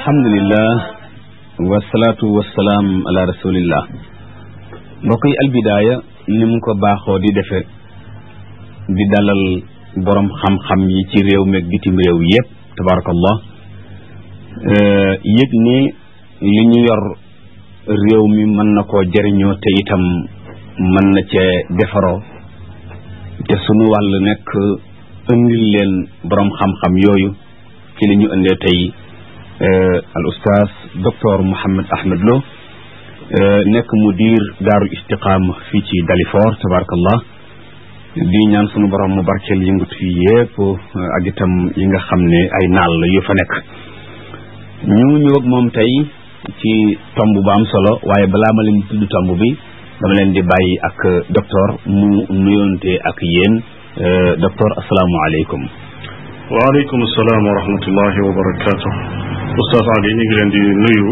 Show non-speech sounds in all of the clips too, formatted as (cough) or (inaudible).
alhamdulilah wasalaatu wasalaam ala rasulillah mbokk yi albidaaya ni mu ko baaxoo di defe di dalal boroom xam-xam yi ci réew meeg bitim réew yépp tabarakallah yëg ni li ñu yor réew mi mën na koo jariñoo te itam mën na cee defaroo te sunu wàll nekk indil leen boroom xam-xam yooyu ci li ñu indee tey Euh, al ustaas docteur Mouhamed Ahmed Lo euh, nekk mu diir daarul istiqaama fii ci Dalifort tabarakallah di ñan sunu borom mu barkeel yëngut yi yépp euh, ak itam yi nga xam ne ay naal la yu fa nekk ñu ñëw ak moom tey ci tomb bu am solo waaye balaa ma leen tudd tomb bi dama leen di bàyyi ak docteur mu nuyoonte ak yéen docteur asalaamaaleykum waaleykum salaam wa rahmatullahi wa barakaatu Oustaz Ali ñu ngi leen di nuyu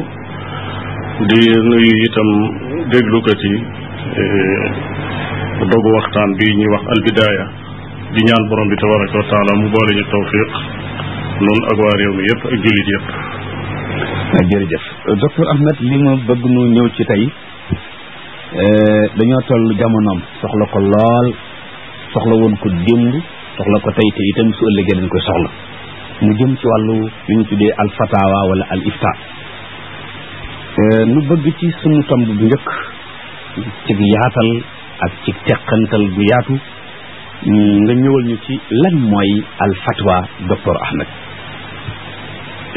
di nuyu itam déglukat yi eh, dogu waxtaan bi ñuy wax albidaaya di ñaan borom bi tabaraka wa taala mu boole ñu tawfiq noonu ak waa réew mi yëpp ak jullit yëpp ah, jërëjëf docteur Ahmed li ma bëgg nu ñëw ci tey eh, dañoo toll jamonoom soxla ko laal soxla woon ko démb soxla ko tey te itam su ëllëgee dañ koy soxla mu jëm ci wàllu li ñu tuddee al fatawa wala al ifta euh, nu bëgg ci sunu tomb bu njëkk ci yaatal ak ci teqantal gu yaatu nga ñëwal ñu ci lan mooy al fatwa docteur Ahmed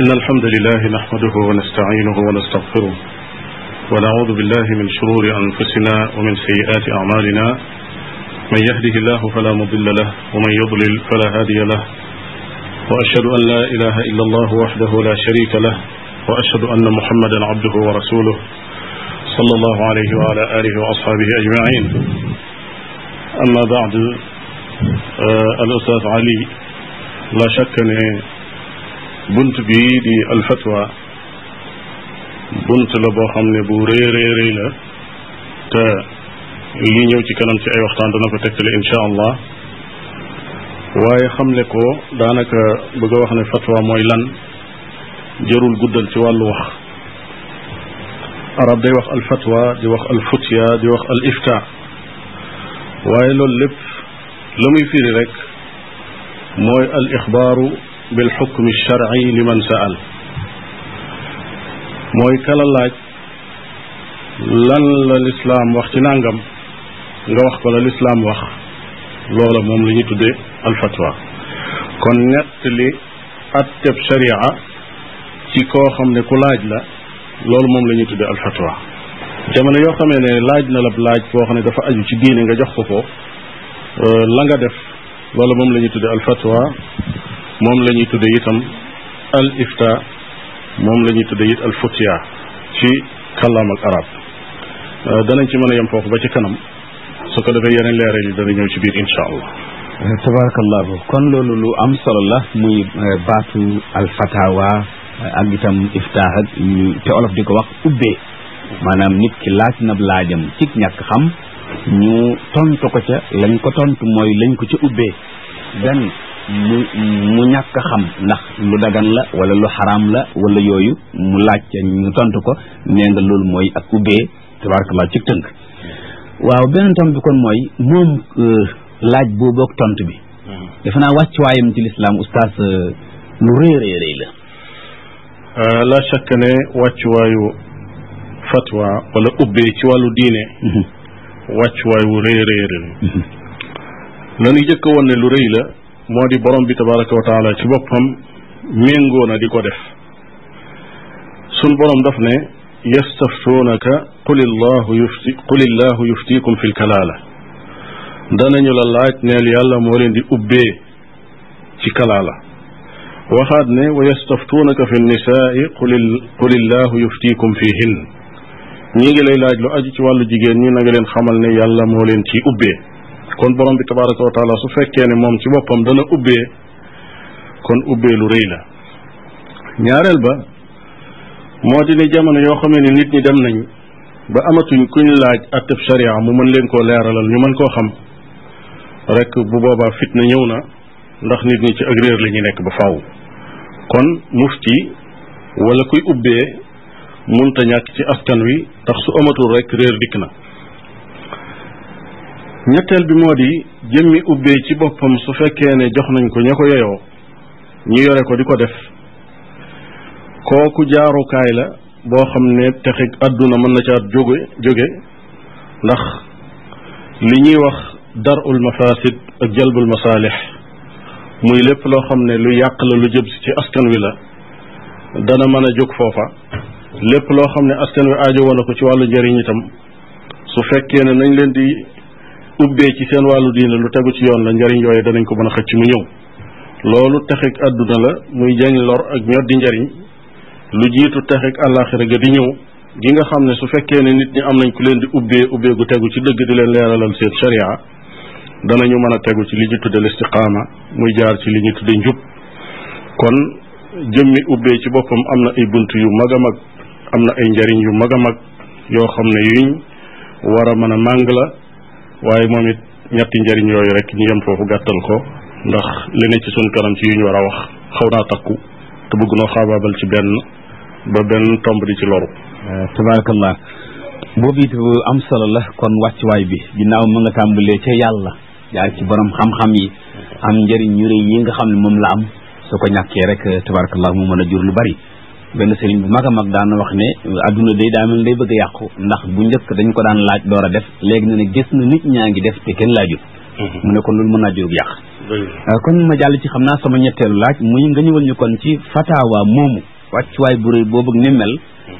إن الحمد لله نحمده ونستعينه ونستغفره ونعوذ بالله من شرور أنفسنا ومن سيئات أعمالنا من يهده الله فلا مضل له ومن يضلل فلا هادي له وأشهد أن لا إله إلا الله وحده لا شريك له وأشهد أن محمدا عبده ورسوله صلى الله عليه وعلى آله وأصحابه أجمعين أما بعد الأستاذ علي la shakk ne bunt bii di alfatwa bunt la boo xam ne bu rëy rëy rëy la te lii ñëw ci kanam ci ay waxtaan dana ko tegtale incha allah waay xam xamle ko daanaka bëgg a wax ne fatwa mooy lan jërul guddal ci wàllu wax arab day wax al fatwa di wax al di wax al ifta waaye loolu lépp la muy firi rek mooy al ixbaaru bil xukmi sharci liman saal mooy kala laaj lan la lislaam wax ci nàngam nga wax ko la lislaam wax loola moom la ñu tuddee alfatwa kon nettali atteb sharia ci koo xam ne ku laaj la loolu moom la ñuy tudde alfatwa jamono yoo xamee ne laaj na la laaj boo xam ne dafa aju ci diine nga jox ko ko euh, la nga def loolu moom la ñuy tudde alfatwa moom lañuy ñuy tudde itam al ifta moom lañuy ñuy tudde it al futiya ci kàllaam ak euh, danañ ci mën a yem foofu ba ci kanam su ko defee yeneen leeral yi dana ñëw ci biir incha allah tabarakallahu kon loolu lu am solo la muy eh, baatu alfatawa eh, ak itam iftaax te olof di ko wax ubbee maanaam nit ki laaj na laajam ci ñàkk xam ñu tontu ko ca lañ ko tontu mooy lañ ko ca ubbee benn mu ñàkk xam ndax lu dagan la wala lu xaraam la wala yooyu mu laaj ca ñu tontu ko nee loolu mooy ak ubbee tabarakallah ci tënk waaw beneen tomb bi kon mooy moom euh, laaj boobu ak tontu bi hmm. defe naa wàccuwaayam ci lislaam oustaz euh, lu rëy rëy la euh, la chaque ne wàccuwaayu fatwa wala ubbee ci wàllu diine hmm. wàccuwaay wu rëy rëy rëy lanu hmm. jëkk woon ne lu rëy la moo di borom bi tabaraka wa taala ci boppam méngoo na di ko def sun borom daf ne yastaftuunaka qul illahu yufti qul illahu yuftikum fi lkalaala danañu la laaj neel yàlla moo leen di ubbee ci kalaala waxaat ne wa yastaftuunaka fi nnisaai quli qul illahu yuftikum fihin ñi ngi lay laaj lu aju ci wàllu jigéen ñi na leen xamal ne yàlla moo leen ci ubbee kon borom bi tabaraka wa taala su fekkee ne moom ci boppam dana ubbee kon ubbee lu rëy la ñaareel ba moo di ne jamono yoo xamee ne nit ñi dem nañ ba amatuñ kuñ laaj atteb sharia mu mën leen koo leeralal ñu mën koo xam rekk bu boobaa fitna ñëw na ndax nit ñi ci ak réer li ñu nekk ba faw kon mufti wala kuy ubbee munta ñàkk ci askan wi ndax su amatul rek réer dikk na ñetteel bi moo di jëmmi ubbee ci boppam su fekkee ne jox nañ ko ña ko yeyoo ñu yore ko di ko def kooku jaarukaay la boo xam ne texeg àdduna mën na ca at jóge jóge ndax li ñuy wax darul mafasid ak jalbul masaalix muy lépp loo xam ne lu yàq la lu jëm ci askan wi la dana mën a jóg foofa lépp loo xam ne askan wi aajo woon ko ci wàllu njëriñ itam su fekkee ne nañ leen di ubbee ci seen wàllu diine lu tegu ci yoon la njariñ yooyu danañ ko mën a xëcc mu ñëw loolu texeg àdduna la muy jañ lor ak ñod di njëriñ lu jiitu texeg àllaaxira ga di ñëw gi nga xam ne su fekkee ne nit ñi am nañ ku leen di ubbee ubbee gu tegu ci dëgg di leen leeralal seen sharia danañu mën a tegu ci li ñu tudde listiqaama muy jaar ci li ñu tudde njub kon jëmmi ubbee ci boppam am na ay bunt yu mag a mag am na ay njariñ yu mag a mag yoo xam ne yuñ war a mën a màng la waaye moom it ñetti njariñ yooyu rek ñu yem foofu gàttal ko ndax li ne ci suñ kanam ci yuñ war a wax xaw naa takku te bëgg noo xaabaabal ci benn ba benn tomb di ci loru euh, tabaarakallah boobu it am solo la kon wàccuwaay bi ginnaaw ma nga tàmbalee ca yàlla jaar ci borom xam-xam yi am njëriñ ñu rëy yi nga xam ne moom la am su ko ñàkkee rek eh, tabarakallah mu mën a jur lu bari benn sëriñ bu mag a mag daan wax ne adduna day daa mel day bëgg a yàqu ndax bu njëkk dañ ko daan laaj door a def léegi na ne gis na nit ñaa ngi def te kenn laajut mhm. mu ne kon lu mën naa jurub yàq eh, kon ma jàll ci xam naa sama ñetteelu laaj muy nga ñëwal ñu kon ci fataawa moomu wàccuwaay bu rëy boobu ni mel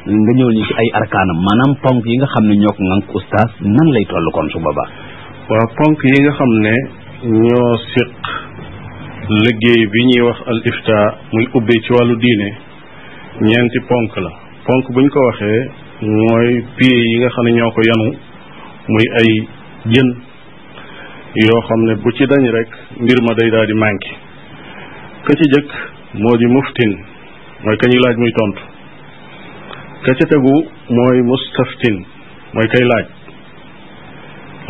mhm. nga ñëwal ñu ci ay arkaanam maanaam ponk yi nga xam ne ñoo ko nan lay toll kon su boobaa waaw ponk yi nga xam ne ñoo siq liggéey bi ñuy wax al muy ubbi ci wàllu diine ñeenti ponk la ponk bu ñu ko waxee mooy pieds yi nga xam ne ñoo ko yanu muy ay jën yoo xam ne bu ci dañ rek ngir ma day daal di manqué ka ci jëkk moo di muftin mooy ka ñuy laaj muy tontu ka ca tegu mooy mustaftin mooy kay laaj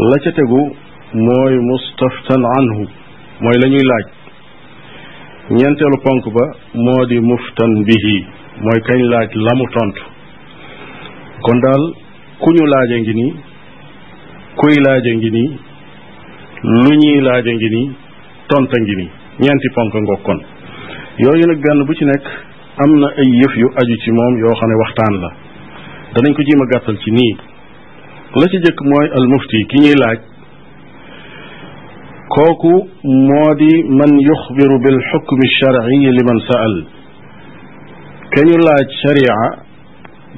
la ca tegu mooy mustaftan anhu mooy la laaj ñeenteelu ponk ba moo di muftan bihi mooy kañ laaj la mu tontu kon daal ku ñu laaj a ngi nii kuy laaj a ngi nii lu ñuy laaj a ngi nii tonta ngi nii ñeenti ponk ngoog kon yooyu nag benn bu ci nekk am na ay yëf yu aju ci moom yoo xam ne waxtaan la danañ ko jéem a gàttal ci nii la ci jëkk mooy al mufti ki ñuy laaj kooku moo di man yuxbiru bil xukmi sharciyi li man saal ka ñu laaj sharia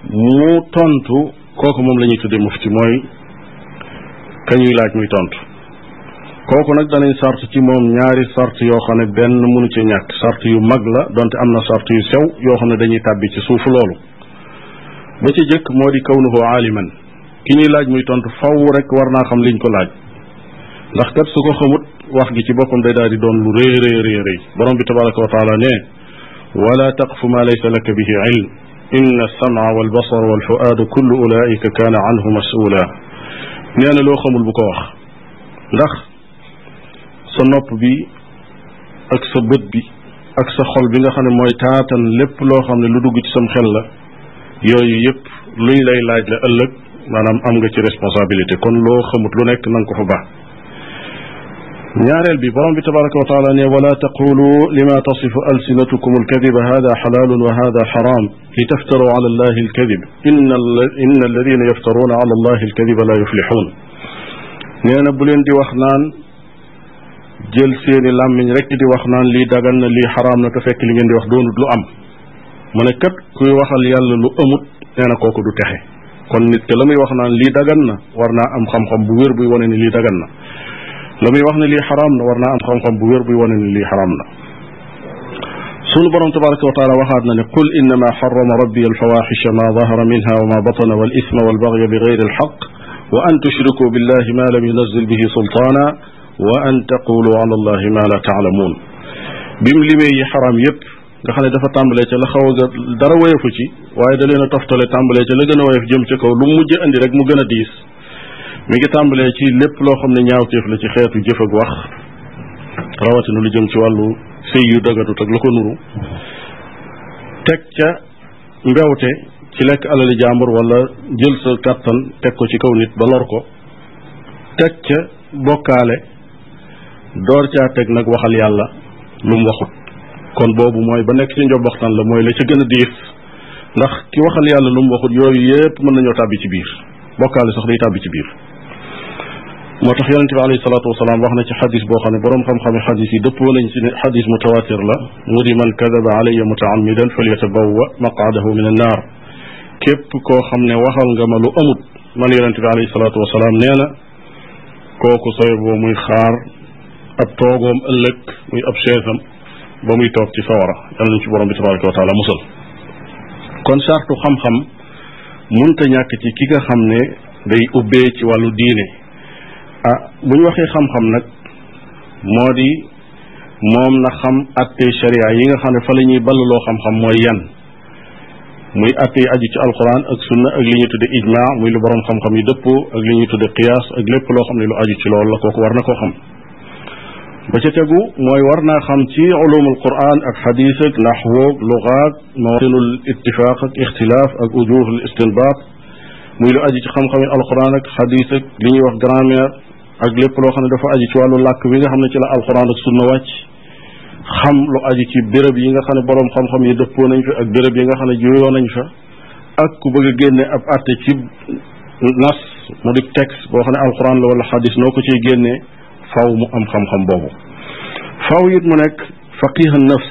mu tontu kooku moom lañuy ñuy tudde mufti mooy ka ñuy laaj muy tontu kooku nag danañ sart ci moom ñaari sart yoo xam ne benn mënu ci ñàkk sart yu mag la donte am na sart yu sew yoo xam ne dañuy tàbbi ci suufu loolu ba ci jëkk moo di kawnuhu aaliman ki laaj muy tontu faw rek war naa xam liñ ko laaj ndax kat su ko wax gi ci boppam day di doon lu rëy rëy rëy rëy borom bi taqfu ma laysa laka bihi ilm inna alsamaa walbasara walfuaada kullu ulaika kaana anhu masula nee na loo xamul bu ko wax ndax sa nopp bi ak sa bët bi ak sa xol bi nga xam ne mooy taatan lépp loo xam ne lu dugg ci sam xel la yooyu yëpp lay laaj la ëllëg maanaam am nga ci responsabilité kon loo xamut lu nekk na nga ko fa baax ñaareel bi borom bi tabaraka wa taala ne wala taqulu lima tasifu alsinatukum alkadiba hada xalaalun wa hada xaram li taftaru ala allahi alkadib inna alladina yaftaruna ala allahi alkadiba la yuflixuun nee na bu leen di wax naan jël seeni làmmiñ rek di wax naan lii dagan na lii xaraam na te fekk li ngeen di wax doonut lu am mu ne kat kuy waxal yàlla lu amut nee na kooku du texe kon nit ke la muy wax naan lii dagan na war naa am xam-xam bu wér buy wane ni lii dagan na la muy wax ne lii xaraam na war naa am xam-xam bu wér buy wane ni lii xaraam na sunu borom tabaraka wa taala waxaat na ne qul innama xarama rabbi alfawaxisha ma dahara minha wa ma batana wal isma wal baxya bi gayri alxaq wa an tushriku billahi ma lam yunazil bihi sultaana wa an taqulu ala allahi ma la taalamuun bi mu limee yi xaraam yépp nga xam ne dafa tàmbalee ca la xaw a dara woyofu ci waaye da leen a toftale tàmbalee ca la gën a woyof jëm ca kaw lu mu mujj andi rek mu gën a diis mi ngi tàmbalee ci lépp loo xam ne ñaaw ñaawteef la ci xeetu jëf ak wax rawatina lu jëm ci wàllu sëy yu dagatut ak lu ko nuru teg ca mbewte ci lekk alali jàmbur wala jël sa kàttan teg ko ci kaw nit ba lor ko teg ca bokkaale door caa teg nag waxal yàlla lu mu waxut kon boobu mooy ba nekk ci njombaxtaan la mooy la ci gën a diis ndax ki waxal yàlla lu mu waxut yooyu yépp mën nañoo tàbbi ci biir bokkaale sax day tàbbi ci biir moo tax yonente bi alayhi salaatu wasalaam wax na ci xadis boo xam ne boroom xam-xame xadis yi dëppoo nañ ci ne xadis mutawatir la mu di man kadaba alayya mutaamidan falyatabawa maqaadahu min annaar képp koo xam ne waxal nga ma lu amut man yonente bi alayhi salaatu wasalaam nee na kooku sooy boo muy xaar ab toogoom ëllëg muy ab chaise am ba muy toog ci sawara yàlla nañ ci borom bi tabaraka wa taala musal kon sartu xam-xam munta ñàkk ci ki nga xam ne day ubbee ci wàllu diine ah bu ñu waxee xam-xam nag moo di moom na xam atte sharia yi nga xam ne fa la ñuy ballaloo xam-xam mooy yan muy atte yi aju ci alquran ak sunna ak li ñuy tudde ijma muy lu borom xam-xam yi dëppoo ak li ñuy tudde qiyaas ak lépp loo xam ne lu aju ci loolu la kooku war na koo xam ba ca tegu mooy war naa xam ci ulumul quran ak xadis ak naxwoog lugaak mawaatinul ittifaaq ak ixtilaaf ak ujuhul istinbaat muy lu aji ci xam-xami alquran ak xadis ak li ñuy wax grammaire ak lépp loo xam ne dafa aji wàllu làkk bi nga xam ne ci la alquran ak sunna wàcc xam lu aji ci béréb yi nga xam ne boroom xam-xam yi dëppoo nañ fa ak béréb yi nga xam ne juyoo nañ fa ak ku bëgg a génne ab àtte ci nas mu di texte boo xam ne alquran la wala xadis noo ko ciy génnee faw mu am xam-xam boobu faw it mu nekk faqih an nafs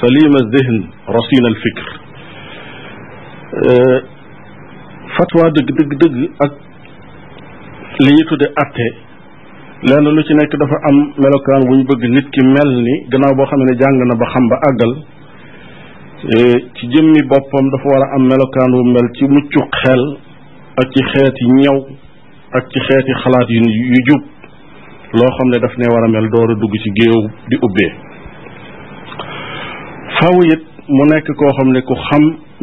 salim al zihn rasin al fikr fatwa dëgg dëgg dëgg ak li ñu tudde atte lenn lu ci nekk dafa am melokaan wu ñu bëgg nit ki mel ni gannaaw boo xam ne jàng na ba xam ba àggal ci jëmmi boppam dafa war a am melokaan wu mel ci muccu xel ak ci xeeti ñaw ak ci xeeti xalaat yu yu jub loo xam ne daf ne war a mel door a dugg ci géew di ubbee faw it mu nekk koo xam ne ku xam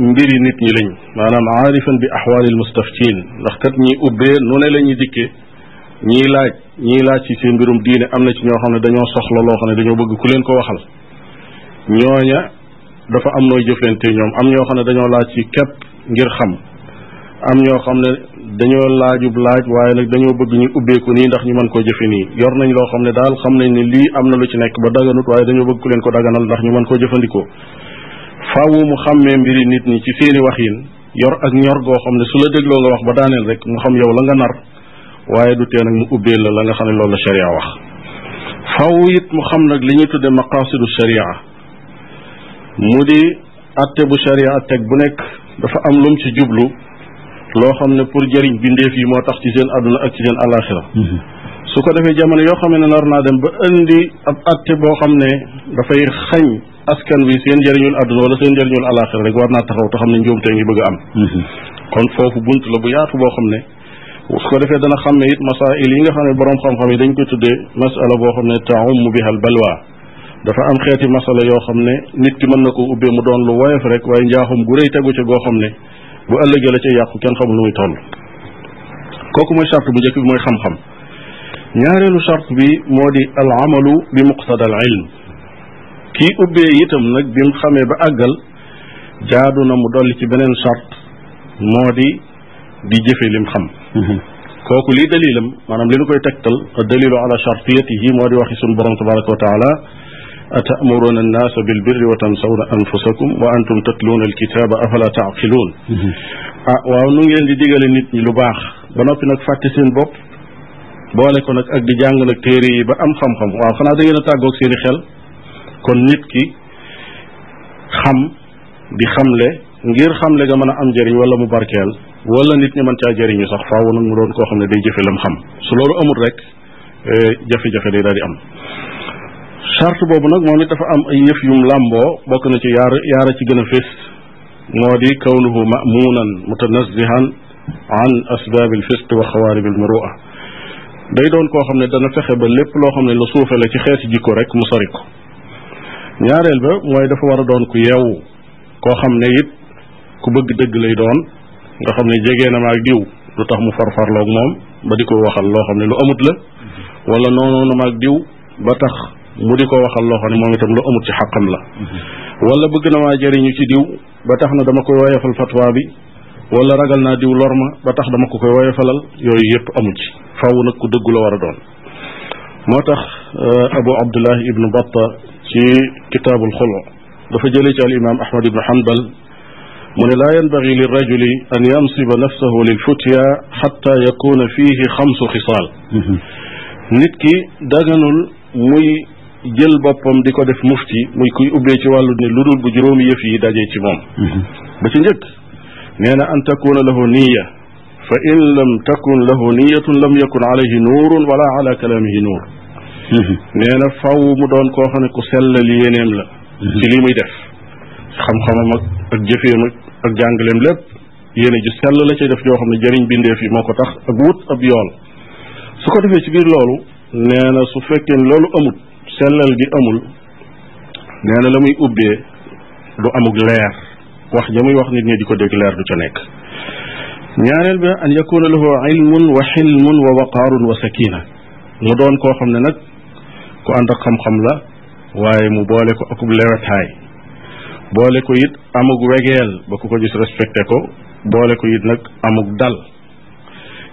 mbir yi nit ñi lañ maanaam aarifan bi axwaalil mustaftiin ndax kat ñi ubbee nu ne la ñuy dikkee ñii laaj ñii laaj ci seen mbirum diine am na ci ñoo xam ne dañoo soxla loo xam ne dañoo bëgg ku leen ko waxal ñooña dafa am nooy jëflante ñoom am ñoo xam ne dañoo laaj ci képp ngir xam am ñoo xam ne dañoo laajub laaj waaye nag dañoo bëgg ñu ubbeeku nii ndax ñu mën koo jëfe nii yor nañ loo xam ne daal xam nañ ne lii am na lu ci nekk ba daganut waaye dañoo bëgg ku leen ko daganal ndax ñu mën koo jëfandikoo faawu mu xàmmee mbiri nit ñi ci seeni waxin yor ak ñor goo xam ne su la dégloo nga wax ba daaneel rek mu xam yow la nga nar waaye du tee nag mu ubbee la la nga xam ne loolu la sharia wax faw it mu xam nag li ñuy tudde maqasidu sharia mu di atte bu sharia teg bu nekk dafa am lum jublu loo xam ne pour jëriñ bindeef yi moo tax ci seen àdduna ak ci seen alaxira mhm. su ko defee jamono yoo xam ne nar naa dem ba indi ab atte boo xam ne dafay xañ askan wi seen njëriñul àdduna wala seen njëriñul alaxira rek war naa taxaw te xam ne njuumte ngi bëgg a am mhm. kon foofu bunt la bu yaatu boo xam ne su ko defee dana xam ne it masail yi nga xam ne borom xam-xam yi dañ koy tuddee masala boo xam ne taum biha al balwa dafa am xeeti masala yoo xam ne nit ki mën na ko ubbee mu doon lu woyof rek waaye njaaxum gu rëy tegu ci goo xam ne bu ëllëgee la cay yàqu kenn xamul nu muy toll kooku mooy charte bu njëkk bi mooy xam-xam ñaareelu charte bi moo di amalu bi muqtada al ilm kii ubbee itam nag bi mu xamee ba àggal jaadu na mu dolli ci beneen charte moo di di jëfe lim xam mhm. kooku lii dalilam maanaam li nu koy tegtal dalilu ala chartiyatihi moo di waxi sunu borom tabaraka wa taala atamuruna annaasa bilbirri wa tansawna anfusakum wa antum tatluuna alkitaaba afala taaqiluun ah waaw nu ngi leen di digale nit ñi lu baax ba noppi nag fàtte seen bopp boole ko nag ak di jàng nag téere yi ba am xam-xam waaw xanaa da ngeen a tàggoog seen i xel kon nit ki xam di xamle ngir xamle nga mën a am jëriñ wala mu barkeel wala nit ñi mën caa jëriñu sax faaw nag mu doon koo xam ne day jëfe lam xam loolu amul rek eh, jafe-jafe day daal am charte boobu nag moom it dafa am ay yëf yum làmboo bokk na ci yaar yaara a ci gën a fés moo di kawnuhu mamunan mutanazihan an asbaab alfisq wa xawaarib almurua day doon koo xam ne dana fexe ba lépp loo xam ne lu suufe la ci xeeti jikko rek mu sori ko ñaareel ba mooy dafa war a doon ku yeewu koo xam ne it ku bëgg dëgg lay doon nga xam ne jege na ma ak diw lu tax mu farfarloog moom ba di ko waxal loo xam ne lu amut la wala noonu na ma diw ba tax mu di ko waxal loo xam ne moom itam lu amut ci xàqam la wala bëgg na maa jëriñu ci diw ba tax na dama koy woyofal fatwa bi wala ragal naa diw lor ma ba tax dama ko koy woyofalal yooyu yëpp amu ci faaw nag ku dëggu la war a doon moo tax euh, abu abdullah ibnu batta ci kitaabul xulu dafa jëlee ci al imam ahmad ibnu hanbal mu ne laa yanbagi li rajuli an yamsiba nafsahu lil futya xatta yakuna fiihi xamsu xisaal mm-hmm. nit ki daganul muy jël boppam di ko def mufti muy kuy ubbee ci wàllu ne lu dul bu juróomi yëf yi dajee ci moom mhm. ba ci njëkk nee na an takuna lahu niya fa in lam takun lahu niyatun lam yakun alayhi nuurun wala ala kalaamihi nuur mhm. nee na faw mu doon koo xam ne ku li yéeneem la mhm. ci lii muy def xam-xamam ak ak jëfeem ak jàngaleem lépp yéene ju sell la cay def joo xam ne jëriñ bindeef yi moo ko tax ak wut ab yool su ko defee ci biir loolu nee su fekkee loolu amut sellal gi amul nee na la muy ubbee du amug leer wax ja muy wax nit ñi di ko dégg leer du ca nekk ñaareel ba an yakuna lahu ilmun wa xilmun wa waqaarun wa sakina mu doon koo xam ne nag ku ànd ak xam-xam la waaye mu boole ko akub lewetaay boole ko it amug wegeel ba ku ko gis respecté ko boole ko it nag amug dal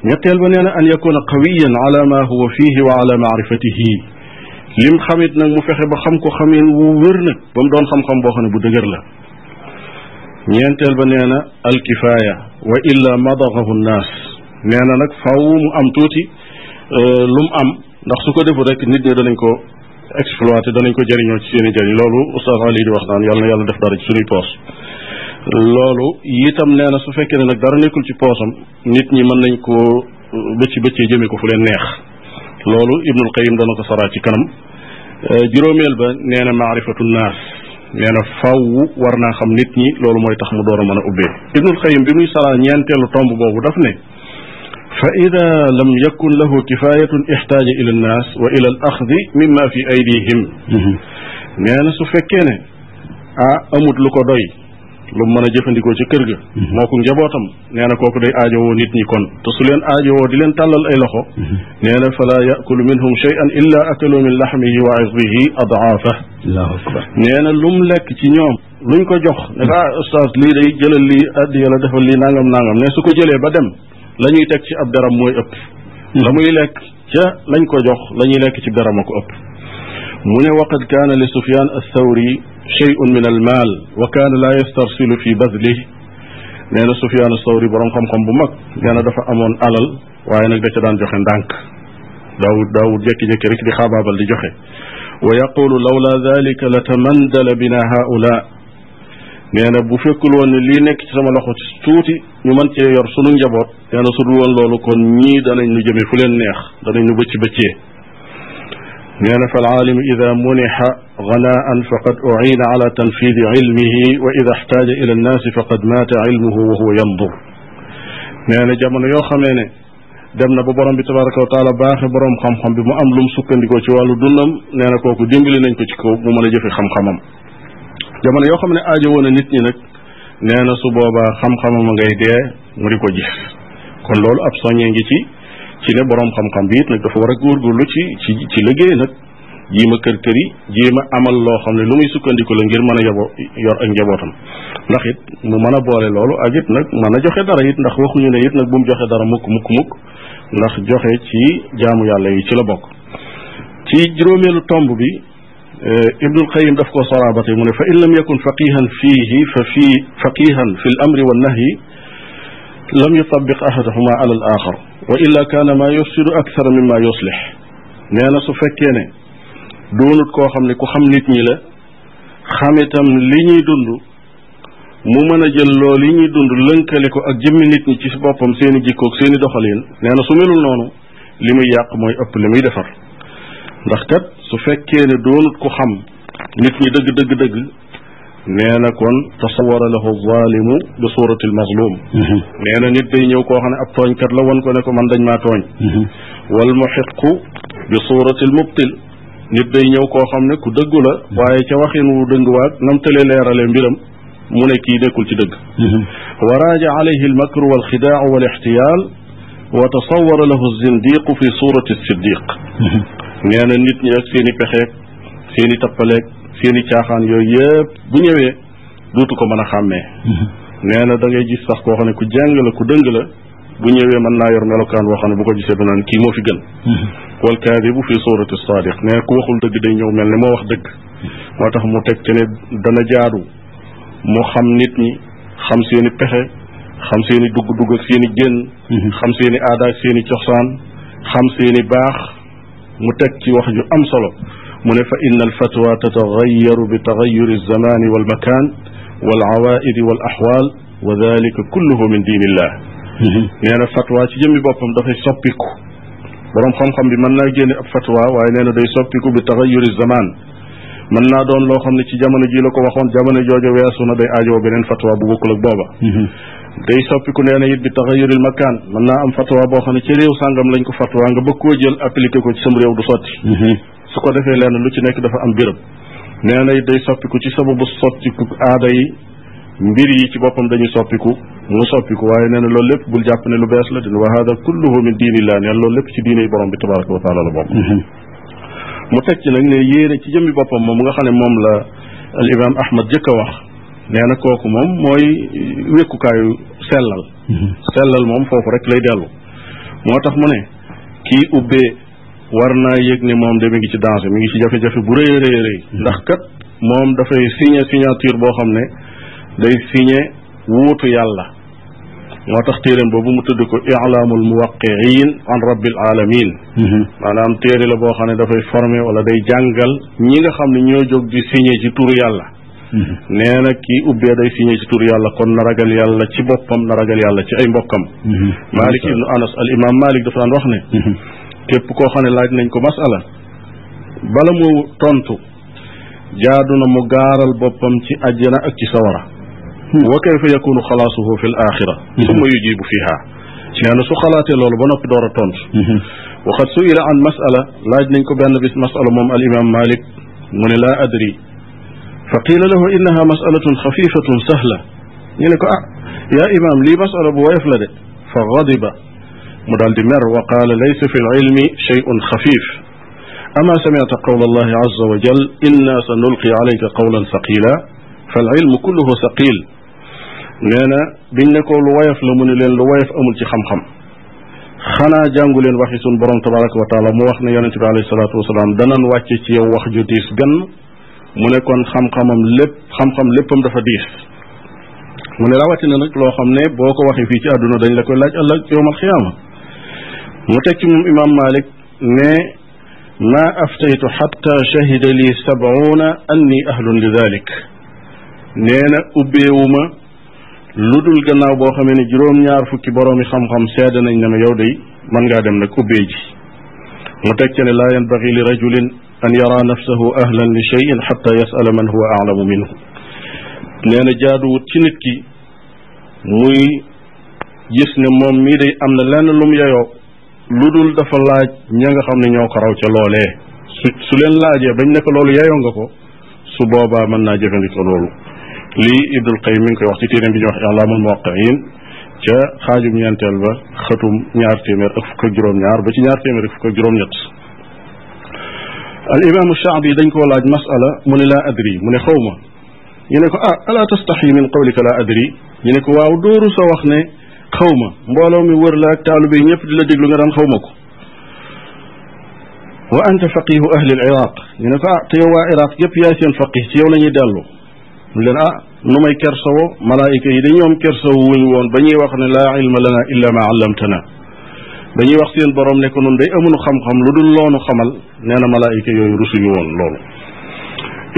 ñetteel ba nee na an yakuna qawiyan ala ma huwa fihi wa ala maarifatihi lim xamit nag mu fexe ba xam ko xameen wu wér nag ba mu doon xam-xam boo xam ne bu dëgër la ñeenteel ba nee na alkifaaya wa illa madagahu nnaas nee na nag faw mu am tuuti euh, lu mu am ndax su ko defu rek nit ñi danañ ko exploité danañ ko jëriñoo ci seen i loolu oustaz Ali di wax naan yàlla na yàlla def dara ci suñuy poos loolu itam nee na su fekkee ne nag dara nekkul ci poosam nit ñi mën nañ ko euh, bëcc bëccee jëmee ko fu leen neex loolu ibnul qayim dana ko soraa ci kanam euh, juróomeel ba nee na maarifatu naas nee na faw war naa xam nit ñi loolu mooy tax mu door a mën a ubbee ibnul qayim bi muy soraa ñeenteelu tomb boobu daf ne fa ida lam yakun lahu kifayatun ixtaaja ila nnaas wa ila al axdi mimma fi aydihim mhm. nee na su fekkee ne ah amut lu ko doy lu mu mën a jëfandikoo ci kër ga mhm. moo ko njabootam nee na kooku day aajowoo nit ñi kon te su leen aajowoo di leen tàllal ay loxo mhm. nee na falaa yakulu minhum shay'an illa akalu min laxmihi wa izbihi adaafa nee na lu mu lekk ci ñoom luñ ko jox ne ko ah oustaz lii day jëlal lii addiya la defal lii nangam nangam ne su ko jëlee ba dem la teg ci ab daram mooy ëpp la muy lekk ca lañ ko jox la ñuy ci daram a ko ëpp mu ne waqad kaana li sufyan althawri shay'un min al maal wa kaana laa yastarsilu fi badlih nee na Sufyaan Sawri borom xam-xam bu mag nee na dafa amoon alal waaye nag da ca daan joxe ndànk daawut daawut jékki-jékki rek di xaabaabal di joxe wa yaqulu lawla dalika la tamandala bina haula nee na bu fekkul woon ne lii nekk ci sama loxo tuuti ñu mën cee yor sunu njaboot nee na su dul woon loolu kon ñii danañ ñu jëme fu leen neex danañ ñu bëcc bëccee nee na falaalimu ida munixa ganaan faqad uciina ala tanfidi cilmihi wa ida xtaaja ila annaasi faqad maata cilmuhu wa huwa yandur nee na jamono yoo xamee ne dem na ba borom bi tabaraka wa taala baaxe borom xam-xam bi mu am lum sukkandikoo ci wàllu dundam nee na kooku dimbali nañ ko ci kaw mu mën a jëfe xam-xamam jamono yoo xam ne aajo woon a nit ñi nag nee na su boobaa xam-xamam a ngay dee mu di ko jëf kon loolu ab soññee ngi ci ci ne borom xam-xam bi it nag dafa war a góorgóorlu ci ci ci liggéey nag jéem a kër kër yi jéem a amal loo xam ne lu muy sukkandiku la ngir mën a yabo yor ak njabootam ndax it mu mën a boole loolu ak it nag mën a joxe dara it ndax waxuñu ne yit nag bu mu joxe dara mukk mukk mukk ndax joxe ci jaamu yàlla yi ci la bokk ci juróomeelu tomb bi eh, ibnul qayim daf ko soraabatee mu ne fa in lam yakun faqihan fiihi fa fii faqihan fi l wa nahyi lam yutabiq ahadahuma ala al axar wa illa kaana maa yufsidu akthara mimma yuslih nee na su fekkee ne doonut koo xam ne ku xam nit ñi la xam itam li ñuy dund mu mën a jël loolu ñuy dund lënkale ko ak jëmmi nit ñi ci boppam seeni i seeni doxaliin i nee na su melul noonu li muy yàq mooy ëpp li muy defar ndax kat su fekkee ne doonut ko xam nit ñi dëgg dëgg dëgg nee na kon tasawara lahu zaalimu bi surati al mazlum mhm. nee na nit day ñëw koo xam ne ab tooñkat la won ko ne ko man dañ maa tooñ mhm. wal muxiqu bi surati al mubtil nit day ñëw koo xam ne ku dëggu la waaye ca waxin wu dëng waag nam tëlee leerale mbiram mu ne kii nekkul ci dëgg mhm. wa raaja alayhi al makru wal xidaacu wal ixtiyaal wa tasawara lahu zindiqu fi surati siddiq nee na nit ñi ak seen i pexeeg seen i tappaleeg seeni caaxaan yooyu yëpp bu ñëwee duutu ko mën a xàmmee (laughs) nee na da ngay gis sax koo xam ne ku jàng la ku dëng la bu ñëwee mën naa yor melokaan boo xam ne bu ko gisee danaan kii moo fi gën (laughs) wal kaadibu fi suurati saadiq nee na ku waxul dëgg day ñëw mel ne moo wax dëgg (laughs) moo tax mu teg te dana jaadu mu xam nit ñi xam seeni pexe xam seeni dugg-dugg ak seeni génn xam seeni aada ak seeni cosaan xam seeni baax mu teg ci wax ju am solo mu ne fa inna alfatwa tatagayaru bi tagayuri alzamani walmakan walawaaidi wal axwaal wa dalika kulluhu min diinillah nee na fatwa ci jëmmi boppam dafay soppiku boroom xam-xam bi mën naa génne ab fatwa waaye nee na day soppiku bi tagayuri zaman mën naa doon loo xam ne ci jamono ji la ko waxoon jamono joojo weesu na day aajoo beneen fatwa bu bokkul ak booba mhm. day soppiku nee na it bi taxayuril makaan mën naa am fatwa boo xam ne ci réew sàngam lañ ko fatwa nga bëgg koo jël appliqué ko ci sam réew du sotti mhm. su ko defee leen lu ci nekk dafa am béréb nee na day soppiku ci sababu sottiku aada yi mbir yi ci boppam dañuy soppiku mu soppiku waaye nee na loolu lépp bul jàpp ne lu bees la dina wa hada kulluhu min diinillah nee na loolu lépp ci diine borom bi tabaraka wa la bokk mhm. mu teg ci nag ne yéene ci jëmmi boppam mu nga xam ne moom la al imam ahmad jëkk a wax nee na kooku moom mooy wékkukaayu sellal mhm. sellal moom foofu rek lay dellu moo tax mu ne war naa yëg ni moom de mi ngi ci danger mi ngi ci jafe-jafe bu rëy rëy rëy ndax kat moom dafay signé signature boo xam ne day signé wuutu yàlla moo tax téere boobu mu tudd ko ilaamul muwaqiin an rabbil mhm. maanaam téere la boo xam ne dafay formé wala day jàngal ñi nga xam ne ñoo jóg di signé ci yàlla mhm. nee na kii ubbee day signé ci yàlla kon na ragal yàlla ci boppam na ragal yàlla ci ay mbokkam malik mhm. ibnu anas al imam dafa daan wax ne képp koo xam ne laaj nañ ko masala bala mu tontu jaadu na mu gaaral boppam ci àjjana ak ci sawara hmm. wa kayfa yakunu xalaasuhu fi l axira hmm. summa yujibu fiha si nee na su xalaatee loolu ba noppi door a tontu hmm. waxat su ila an masala laaj nañ ko benn bis masala moom al imam malik mu ne laa adri fa qiila lahu innaha masalatun xafifatun sahla ñu ne ko ah yaa imam lii masala bu woyof la de fa gadiba mu daal di mer wa qaala laysa fi lilmi sheyun xafif ama samiata qawla allahi azza wa jal inna sa nulqi alayka qawlan saqila fal ilmu kulluhu saqil nee na biñ ne ko lu woyof la mu ne leen lu woyof amul ci xam-xam xanaa jàngu leen waxi sun borom tabaraka wa taala mu wax ne yonente bi alayhi salaatu wasalaam danañ wàcce ci yow wax ju diis gann mu ne kon xam-xamam lépp xam-xam léppam dafa diis mu ne rawatina nag loo xam ne boo ko waxee fii ci àdduna dañ la koy laaj ëllëg yowmal xiyaama mu teg ci moom Malik ne ma aftaytu xatta shahida li sabuuna anni ahlun li dalik nee na ubbeewuma lu dul gannaaw boo xamee ne juróom-ñaar fukki boroomi xam-xam seede nañ ne ma yow day mën ngaa dem nag ubbee ji mu teg ci ne laa yanbagi li rajulin an yara nafsahu ahlan li cheyin xatta yasala man huwa aalamu minhu nee na jaaduwut ci nit ki muy gis ne moom mii am na lenn lu mu lu dul dafa laaj ña xam ne ñoo ko raw ca loolee su su leen laajee bañ ne ko loolu yeyoo nga ko su boobaa mën naa jëfandikoo lool li Ibnul Qayyim mi ngi koy wax ci téeréem bi ñuy wax I'laamul Muwaqqi'in ca xaajum ñeenteel ba xëtum ñaar téeméer ak fukk ak juróom-ñaar ba ñaar téeméer ak fukk ak juróom-ñett al imaamu Shaabi dañ ko laaj masala mu ne laa adri mu ne xaw ma ñu ne ko ah alaa tastaxi min qawlika laa adri ñu ne ko waaw dooru sa wax ne xaw ma mbooloo mi wër la ak taalibe yi ñëpp la déglu nga daan xaw ma ko wa anta faqihu ahli al iraq ñu ne ko ah te yow iraq yëpp yaay seen faqih ci yow la ñuy dellu mu leen ah nu may kersawo malaayika yi dañu am kersawo wuñ woon ba ñuy wax ne la ilma lana illa ma allamtana ba ñuy wax seen borom ne ko nun day amunu xam-xam lu du loonu xamal nee na malaayika yooyu rusuñu woon loolu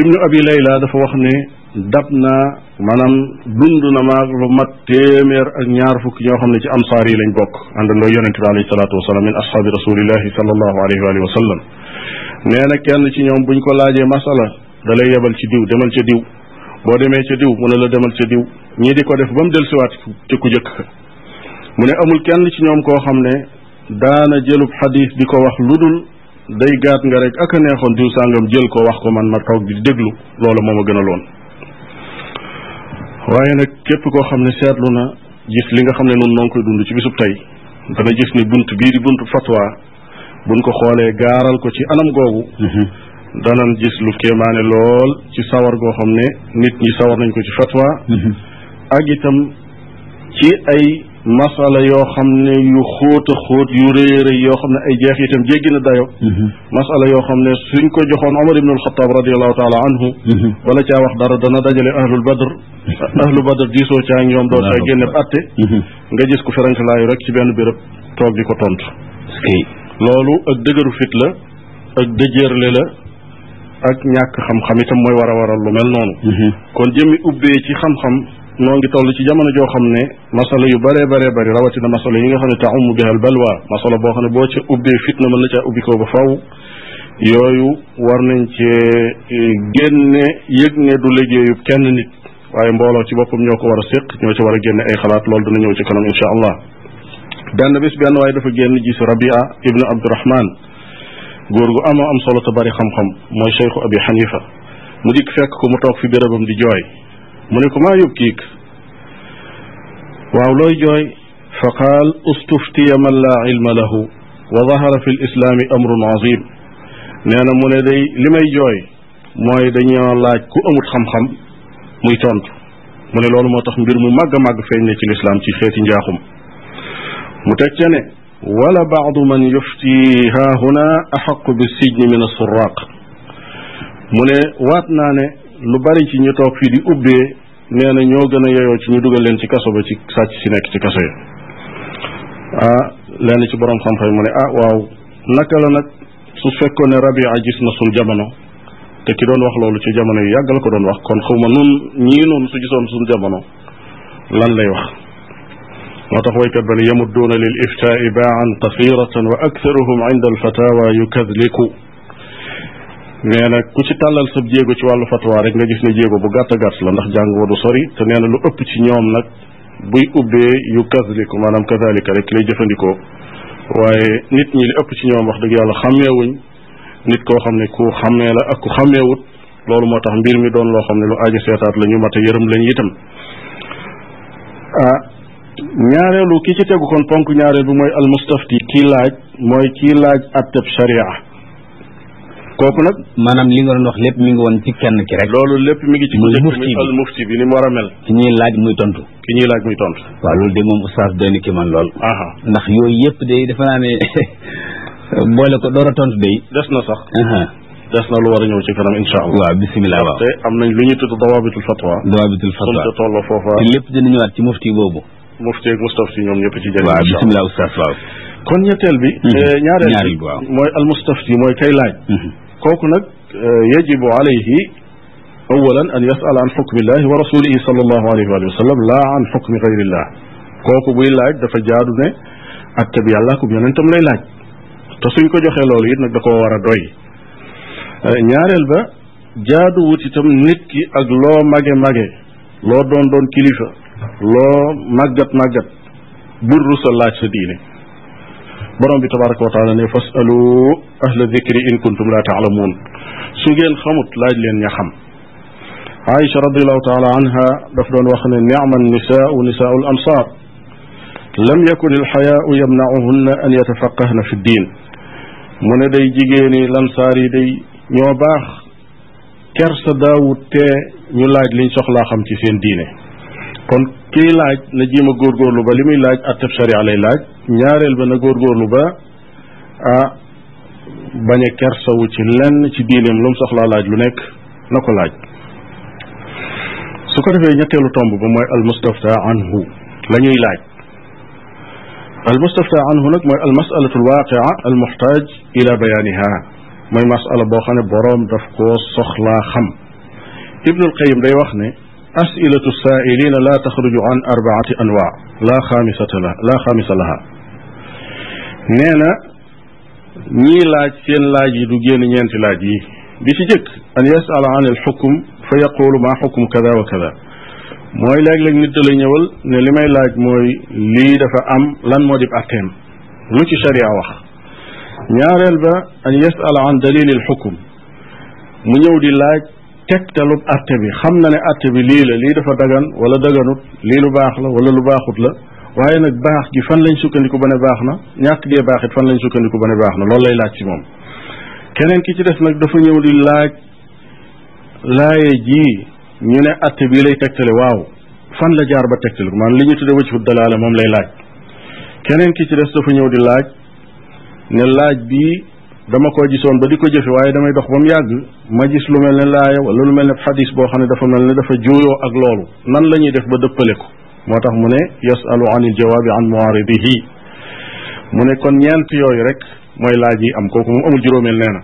ibnu abi layla dafa wax ne dab naa maanaam dund na maag lu mat téeméer ak ñaar fukki ñoo xam ne ci ansaar yi lañ bokk àndandoo yonente bi alayhi salaatu wasalaam min ashaabi rasulillahi sallallahu alayhi wa alihi na kenn ci ñoom bu ñu ko laajee masala da lay yebal ci diw demal ca diw boo demee ca diw mu ne la demal ca diw ñii di ko def ba mu dellusiwaat ci ku jëkk mu ne amul kenn ci ñoom koo xam ne daana jëlub xadis di ko wax lu dul day gaat nga rek ak a neexoon diw sàngam jël wax ko man ma toog di déglu loolu moo ma gën a loon waaye nag képp koo xam ne seetlu na gis li nga xam ne noonu noo koy dund ci bisub tey dana gis ne bunt bii di buntu fatwa buñ ko xoolee gaaral ko ci anam googu mhm. danañ gis lu kéemaane lool ci sawar goo xam ne nit ñi sawar nañ ko ci fatwa mhm. ak itam ci ay masala yoo xam ne yu xóot a xóot yu rëy rëy yoo xam ne ay jeex itam jéggi na dayo mhm. masala yoo xam ne suñ ko joxoon omar ibn alxataab radiallahu taala anhu mhm. wala caa wax dara dana dajale ahlul badr (laughs) ahlu badr diisoo caa ak ñoom door caa génne atte mhm. nga gis ku ferankalaayu rek ci benn béréb toog di ko tontu loolu ak dëgëru fit la ak dëjërle la ak ñàkk xam-xam itam mooy war a waral lu mel noonu kon jëmmi ubbee ci xam-xam noo ngi toll ci jamono joo xam ne masala yu bare bare bari rawatina masala yi nga xam ne taamu biha al balwa masala boo xam ne boo ca ubbee fitna mën na caa ubbi ko ba faw yooyu war nañ ci eh, génne yëg ne du liggéeyub kenn nit waaye mbooloo ci boppam ñoo ko war a séq ñoo ci war a génne ay xalaat loolu dina ñëw ci kanam insha allah benn bis benn waaye dafa génn gis rabia ibnu abdurahman góor gu amoo am solo te bari xam-xam mooy cheikhu abi xanifa mu dikk fekk ko mu toog fi bérébam di jooy mu ne ko maa yubkiik waaw looy jooy fa qaal ustuftiya man laa ilma lahu wa dahara fi lislaami amrun azim nee na mu ne day li may jooy mooy dañoo laaj ku amut xam-xam muy tontu mu ne loolu moo tax mbir mu màgg a màgg feeñ ne ci lislaam ci xeeti njaaxum mu teg ca ne wala baadu man yufti haahuna axaqu bi sijni min asuraaq mu ne waat naa ne lu bari ci ñu toog fii di ubbee nee na ñoo gën a yeyoo ci ñu dugal leen ci kaso ba ci sàcc si nekk ci kaso yi ah lenn ci borom xam-xam mu ne a ah, waaw naka la nag su fekkoon ne rabia gis na sun jamono te ki doon wax loolu ci jamono yu yàgg ko doon wax kon xaw ma nun ñii noonu su gisoon sun jamono lan lay wax moo tax waykat ba ne yamudduuna lil iftaai baan qasiratan wa aktharuhum inda alfatawa yukadliku nee na ku ci tàllal sa jéego ci wàllu fatwa rek nga gis ne jéego bu gàtt gàtt la ndax jàng wa du sori te nee lu ëpp ci ñoom nag buy ubbee yu kasliku maanaam kazalika rek lay jëfandikoo waaye nit ñi li ëpp ci ñoom wax dëgg yàlla xàmmeewuñ nit koo xam ne ku xàmmee la ak ku xàmmeewut loolu moo tax mbir mi doon loo xam ne lu aajo seetaat la ñu mat a yërëm lañ itam ah ñaareelu ki ci tegu kon ponk ñaareel bi mooy almustafti kii laaj mooy kii laaj atteb kooku nag maanaam li nga doon wax lépp mi ngi woon ci kenn ki rek loolu lépp mi ngi ci ku njëkk mi ni mu war a mel ki ñuy laaj muy tontu ki ñuy laaj muy tontu waaw loolu de moom oustaz yëpp day dafa naa ne (laughs) boole ko door a tontu des na sax des na lu war a ñëw ci kanam insha allah waaw bisimilah waaw am nañ lu ñuy tudd dawabitul fatwa dawabitul fatwa te tolloo foofa te lépp dina ñëwaat ci mufti boobu mufti ak mustafti ñoom ñëpp ci jëriñ waaw bisimilah oustaz waaw kon ñetteel bi mhm. eh, ñaareel bi mooy almustafti mooy kay laaj mhm. kooku nag euh, yajibu alayhi awalan an yasala an xukmi illahi wa rasulihi sal allahu alayhi walihi wa sallam laa an xukmi gayrillah kooku buy laaj dafa jaadu ne atte bi yàlla ko yonentam lay laaj te suñ ko joxee loolu it nag da koo war a doy euh, ñaareel ba jaadu wut itam nit ki ak loo mage mage loo doon doon kilifa loo màggat màggat bul rusa laaj sa diine borom bi tabaraka wa taala ne fasalu ahla dicri in kuntum la taalamuun su ngeen xamut laaj leen ña xam aïcha radiallahu taala anha daf doon wax ne niama nisaau nisaau l ansar lam yakun alxayaau yamnauhunna an yatafaqahna fi ddin mu ne day jigéeni lansaar yi day ñoo baax kersa daawut te ñu laaj liñ soxlaa xam ci seen diine kon kii laaj na jéem a góorgóorlu ba li muy laaj atteb sharia lay laaj ñaareel ba na góorgóorlu ba ah bañ a kersawu ci lenn ci diineem lu soxla laaj lu nekk na ko laaj su ko defee ñetteelu tomb ba mooy almustafta anhu la ñuy laaj almustafta anhu nag mooy almasalatu alwaqia almuxtaaj ila bayaaniha mooy masala boo xam ne boroom daf koo soxlaa xam wax ne asilatu saailina la taxruju an arbaati anwa la xaamisata la la xaamisa laha nee na ñii laaj seen laaj yi du génn ñeenti laaj yi bi ci jëkk an yasala an al xukum fa yaqulu ma xukum kada wa kada mooy léeg-léeg nit da la ñëwal ne li may laaj mooy lii dafa am lan moo dib atteem lu ci sharia wax ñaareel ba an yasala an dalil al xukum mu ñëw di laaj tegtalub atte bi xam na ne atte bi lii la lii dafa dagan wala daganut lii lu baax la wala lu baaxut la waaye nag baax gi fan lañ sukkandiku ba ne baax na ñàkk gee baax it fan lañ sukkandiku ba ne baax na loolu lay laaj ci moom keneen ki ci des nag dafa ñëw di laaj laaye jii ñu ne atte bii lay tegtale waaw fan la jaar ba tegtale ko maanaam li ñu tudde wëccu dalaale moom lay laaj keneen ki ci des dafa ñëw di laaj ne laaj bi dama ko gisoon ba di ko jëfe waaye damay dox ba mu yàgg ma gis lu mel ne laaya wala lu mel ne xadis boo xam ne dafa mel ne dafa jooyoo ak loolu nan la ñuy def ba dëppale ko moo tax mu ne yasalu an il jawaabi an muaridihi mu ne kon ñeent yooyu rek mooy laaj yi am kooku amul juróomeel nee na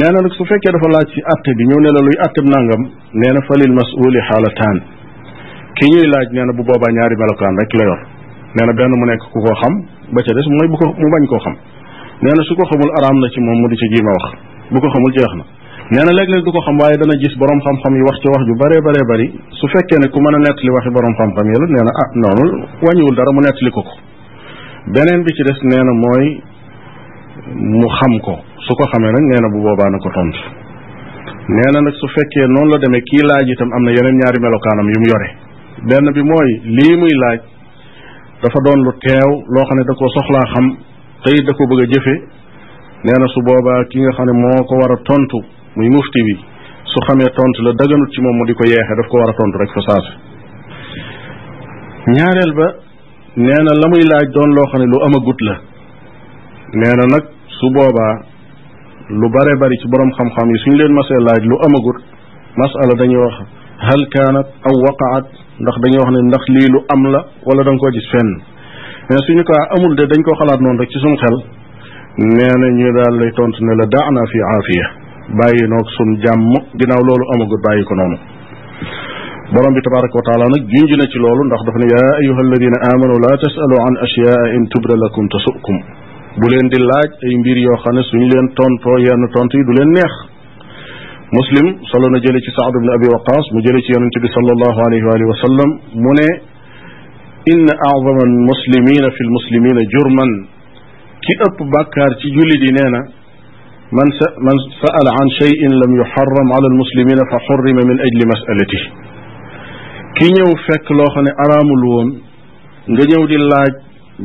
nee na nag su fekkee dafa laaj ci atte bi ñëw ne la luy atteb nangam nee na falil masuli xaalataan ki ñuy laaj nee bu boobaa ñaari melokaan rek la yor nee benn mu nekk ku ko xam ba ca des mooy bu ko mu bañ koo xam nee na su ko xamul araam na ci moom mu di ci jiima wax bu ko xamul jeex na nee na léeg-léeg du ko xam waaye dana gis borom xam-xam yi wax ci wax ju bare bare bari su fekkee ne ku mën a nettali waxi borom xam-xam yi la nee na ah noonu wàññiwul dara mu nettali ko ko beneen bi ci des nee na mooy mu xam ko su ko xamee nag nee na bu boobaa na ko tontu nee nag su fekkee noonu la demee kii laaj itam am na yeneen ñaari melokaanam yu mu yore benn bi mooy loo xam ne da koo soxlaa xam tey da ko bëgg a jëfe nee na su boobaa ki nga xam ne moo ko war a tontu muy mufti bi su xamee tontu la daganut ci moom mu di ko yeexe daf ko war a tontu rek fa saase ñaareel ba nee na la muy laaj doon loo xam ne lu amagut la nee na nag su boobaa lu bare bari ci boroom xam-xam yi suñ leen masee laaj lu amagut masala dañuy wax hal kaanat aw waqaat ndax dañuy wax ne ndax lii lu am la wala da nga koo gis fenn mais suñu ko amul de dañ koo xalaat noonu rek ci suñu xel nee na ñu daal lay tontu ne la daana fi aafiya bàyyi noog suñ jàmm ginnaaw loolu amagut bàyyi ko noonu borom bi tabaraka wa taala nag junj na ci loolu ndax daf ne yaa ayuha alladina amanu la tasalu an ashyaa in tubda lakum tasukum bu leen di laaj ay mbir yoo xam ne suñu leen tontoo yenn tont yi du leen neex muslim solo na jële ci saad ibne abi waqas mu jële ci yonente bi sallallahu alayhi wa mu ne inna a'zama almuslimina fi almuslimina jurman ki ëpp bàkkaar ci jullit yi nee na man sa man sa'ala an shay'in lam yuharram ala almuslimina fa hurrima min ajli mas'alati ki ñëw fekk loo xam ne araamul woon nga ñëw di laaj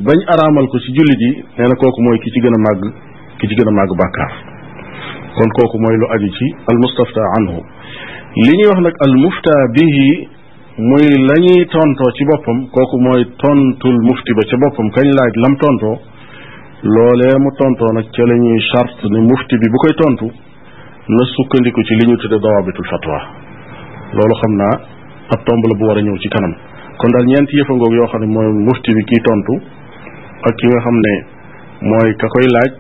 bañ araamal ko ci jullit yi nee na kooku mooy ki ci gën a màgg ki ci gën a màgg bàkkaar kon kooku mooy lu aju ci almustafta anhu li ñuy wax nag almufta bihi muy la ñuy tontoo ci boppam kooku mooy tontul mufti ba ca boppam kañ laaj lam tontoo loolee mu tontoo nag ca la ñuy charte ne mufti bi bu koy tontu na sukkandiku ci li ñu tudde dawabitul fatwa loolu xam naa ab tomb la bu war a ñëw ci kanam kon daal ñeenti yëfa yoo xam ne mooy mufti bi tontu ak ki nga xam ne mooy ka koy laaj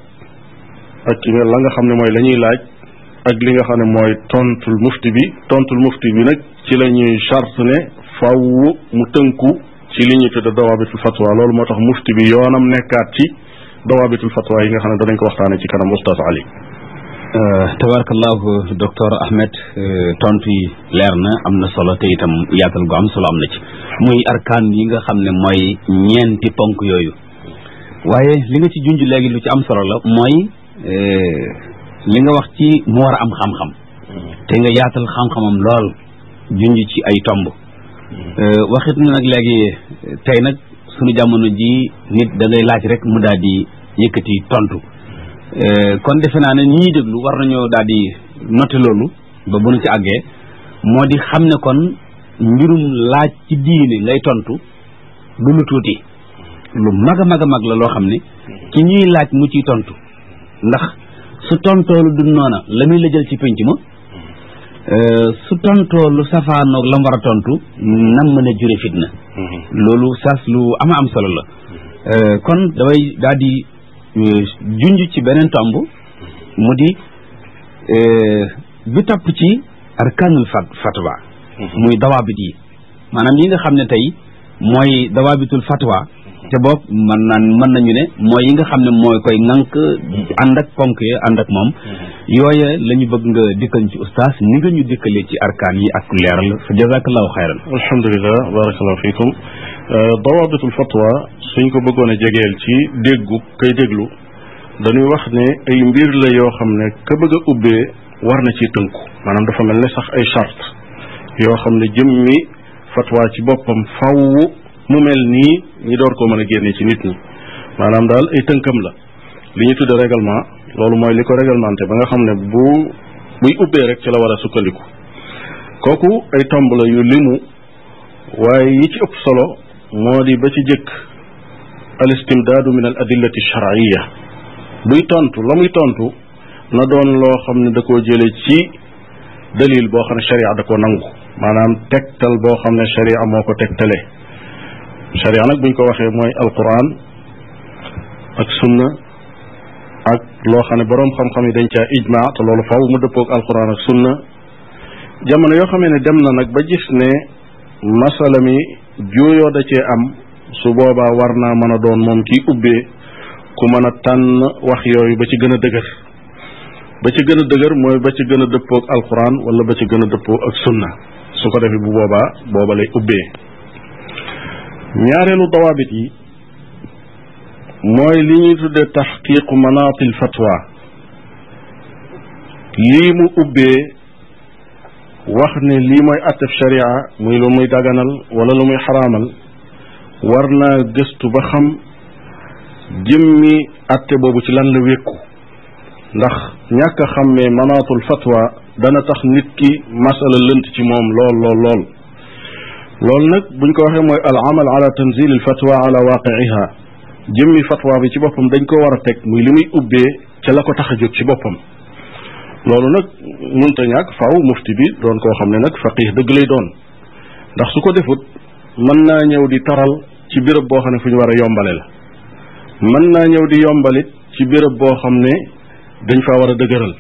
ak ki la nga xam ne mooy lañuy laaj ak li nga xam ne mooy tontul mufti bi tontu mufti bi nag ci la ñuy ne faw mu tënku ci li ñuy tudde dawaabitul fatwa loolu moo tax mufti bi yoonam nekkaat ci dawaabitul fatwa yi nga xam ne danañ ko waxtaane ci kanam ustaas Ali euh, tabarakallahu docteur Ahmed euh, tontu yi leer na am na solo te itam yaatal gu am solo am na ci muy arkaan yi nga xam ne mooy ñeenti ponk yooyu waaye li nga ci junj léegi lu ci am solo la mooy euh, li nga wax ci mu war a am xam-xam mm. te nga yaatal xam-xamam lool junj ci ay tomb mm. euh, waxit na nag léegi tey nag sunu jamono ji nit da laaj rek mu daal di yëkkati tontu mm. euh, kon defe naa ne ñii déglu war nañoo daal di noté loolu ba bu nu ci àggee moo di xam ne kon mbirum laaj ci diine ngay tontu du lu tuuti lu mag a mag a mag la loo xam ne ci ñuy laaj mu ciy tontu ndax su tontoo lu du noona la muy la jël ci pénc ma euh, su tontoo lu safaanoog la tontu nam mën a jure fitna mhm. loolu saas lu ama am solo la euh, kon damay daldi di euh, ci beneen tomb mu di bi topp ci arkaanul fat fatwa mhm. muy dawaabit yi maanaam li nga xam ne tey mooy dawaabitul fatwa ca boog mën naan mën nañu ne mooy yi nga xam ne moo koy ŋànk ànd ak ponk ya ànd ak moom mm-hmm. yooye la bëgg nga dikkal ci ustaas ni nga ñu dikkalee ci arkaan yi ak leeral fa jazakallahu xayran alhamdulilah barakallahu fikum euh, dawabitul fatwa suñ ko bëggoon a jegeel ci déggu kay déglu dañuy wax ne ay mbir la yoo xam ne ka bëgg a ubbee war na ci tënku maanaam dafa mel ne sax ay charte yoo xam ne jëmmi fatwa ci boppam faww mu mel nii ñu door koo mën a génne ci nit ñi maanaam daal ay tënkam la li ñu tudde règlement loolu mooy li ko réglementé ba nga xam ne bu buy ubbee rek ci la war a sukkandiku kooku ay tomb la yu limu waaye yi ci ëpp solo moo di ba ci jëkk al istimdaadu min al adillati shar'iyya buy tontu la muy tontu na doon loo xam ne da koo jële ci dalil boo xam ne sharia da koo nangu maanaam tegtal boo xam ne sharia moo ko tegtale sharia nag buñ ko waxee mooy alquran ak sunna ak loo xam ne boroom xam-xam yi dañ caa ijma te loolu faw mu dëppoog alquran ak sunna jamono yoo xamee ne dem na nag ba gis ne masala mi juuyoo da cee am su boobaa war naa mën a doon moom kiy ubbee ku mën a tànn wax yooyu ba ci gën a dëgër ba ci gën dëgër mooy ba ci gën a dëppoog alquran wala ba ci gën a dëppoo ak sunna su ko defee bu boobaa booba lay ubbee ñaareelu dawaabit yi mooy li ñuy tudde taxqiiqu manaatil fatwa lii mu ubbee wax ne lii mooy attef sharia muy lu muy daganal wala lu muy xaraamal war naa gëstu ba xam jëmmi atte boobu ci lan la wékku ndax ñàkk a xàmmee manaatul fatwa dana tax nit ki masala lënt ci moom lool lool lool loolu nag buñ ko waxee mooy al amal ala tanzil al fatwa ala waaqiiha jëmmi fatwa bi ci boppam dañ ko war a teg muy li muy ubbee ca la ko tax a jóg ci boppam loolu nag munta ñàkk faaw mufti bi doon ko xam ne nag faqih dëgg lay doon ndax su ko defut mën naa ñëw di taral ci béréb boo xam ne fu ñu war a yombale la mën naa ñëw di yombalit ci béréb boo xam ne dañ fa war a dëgëral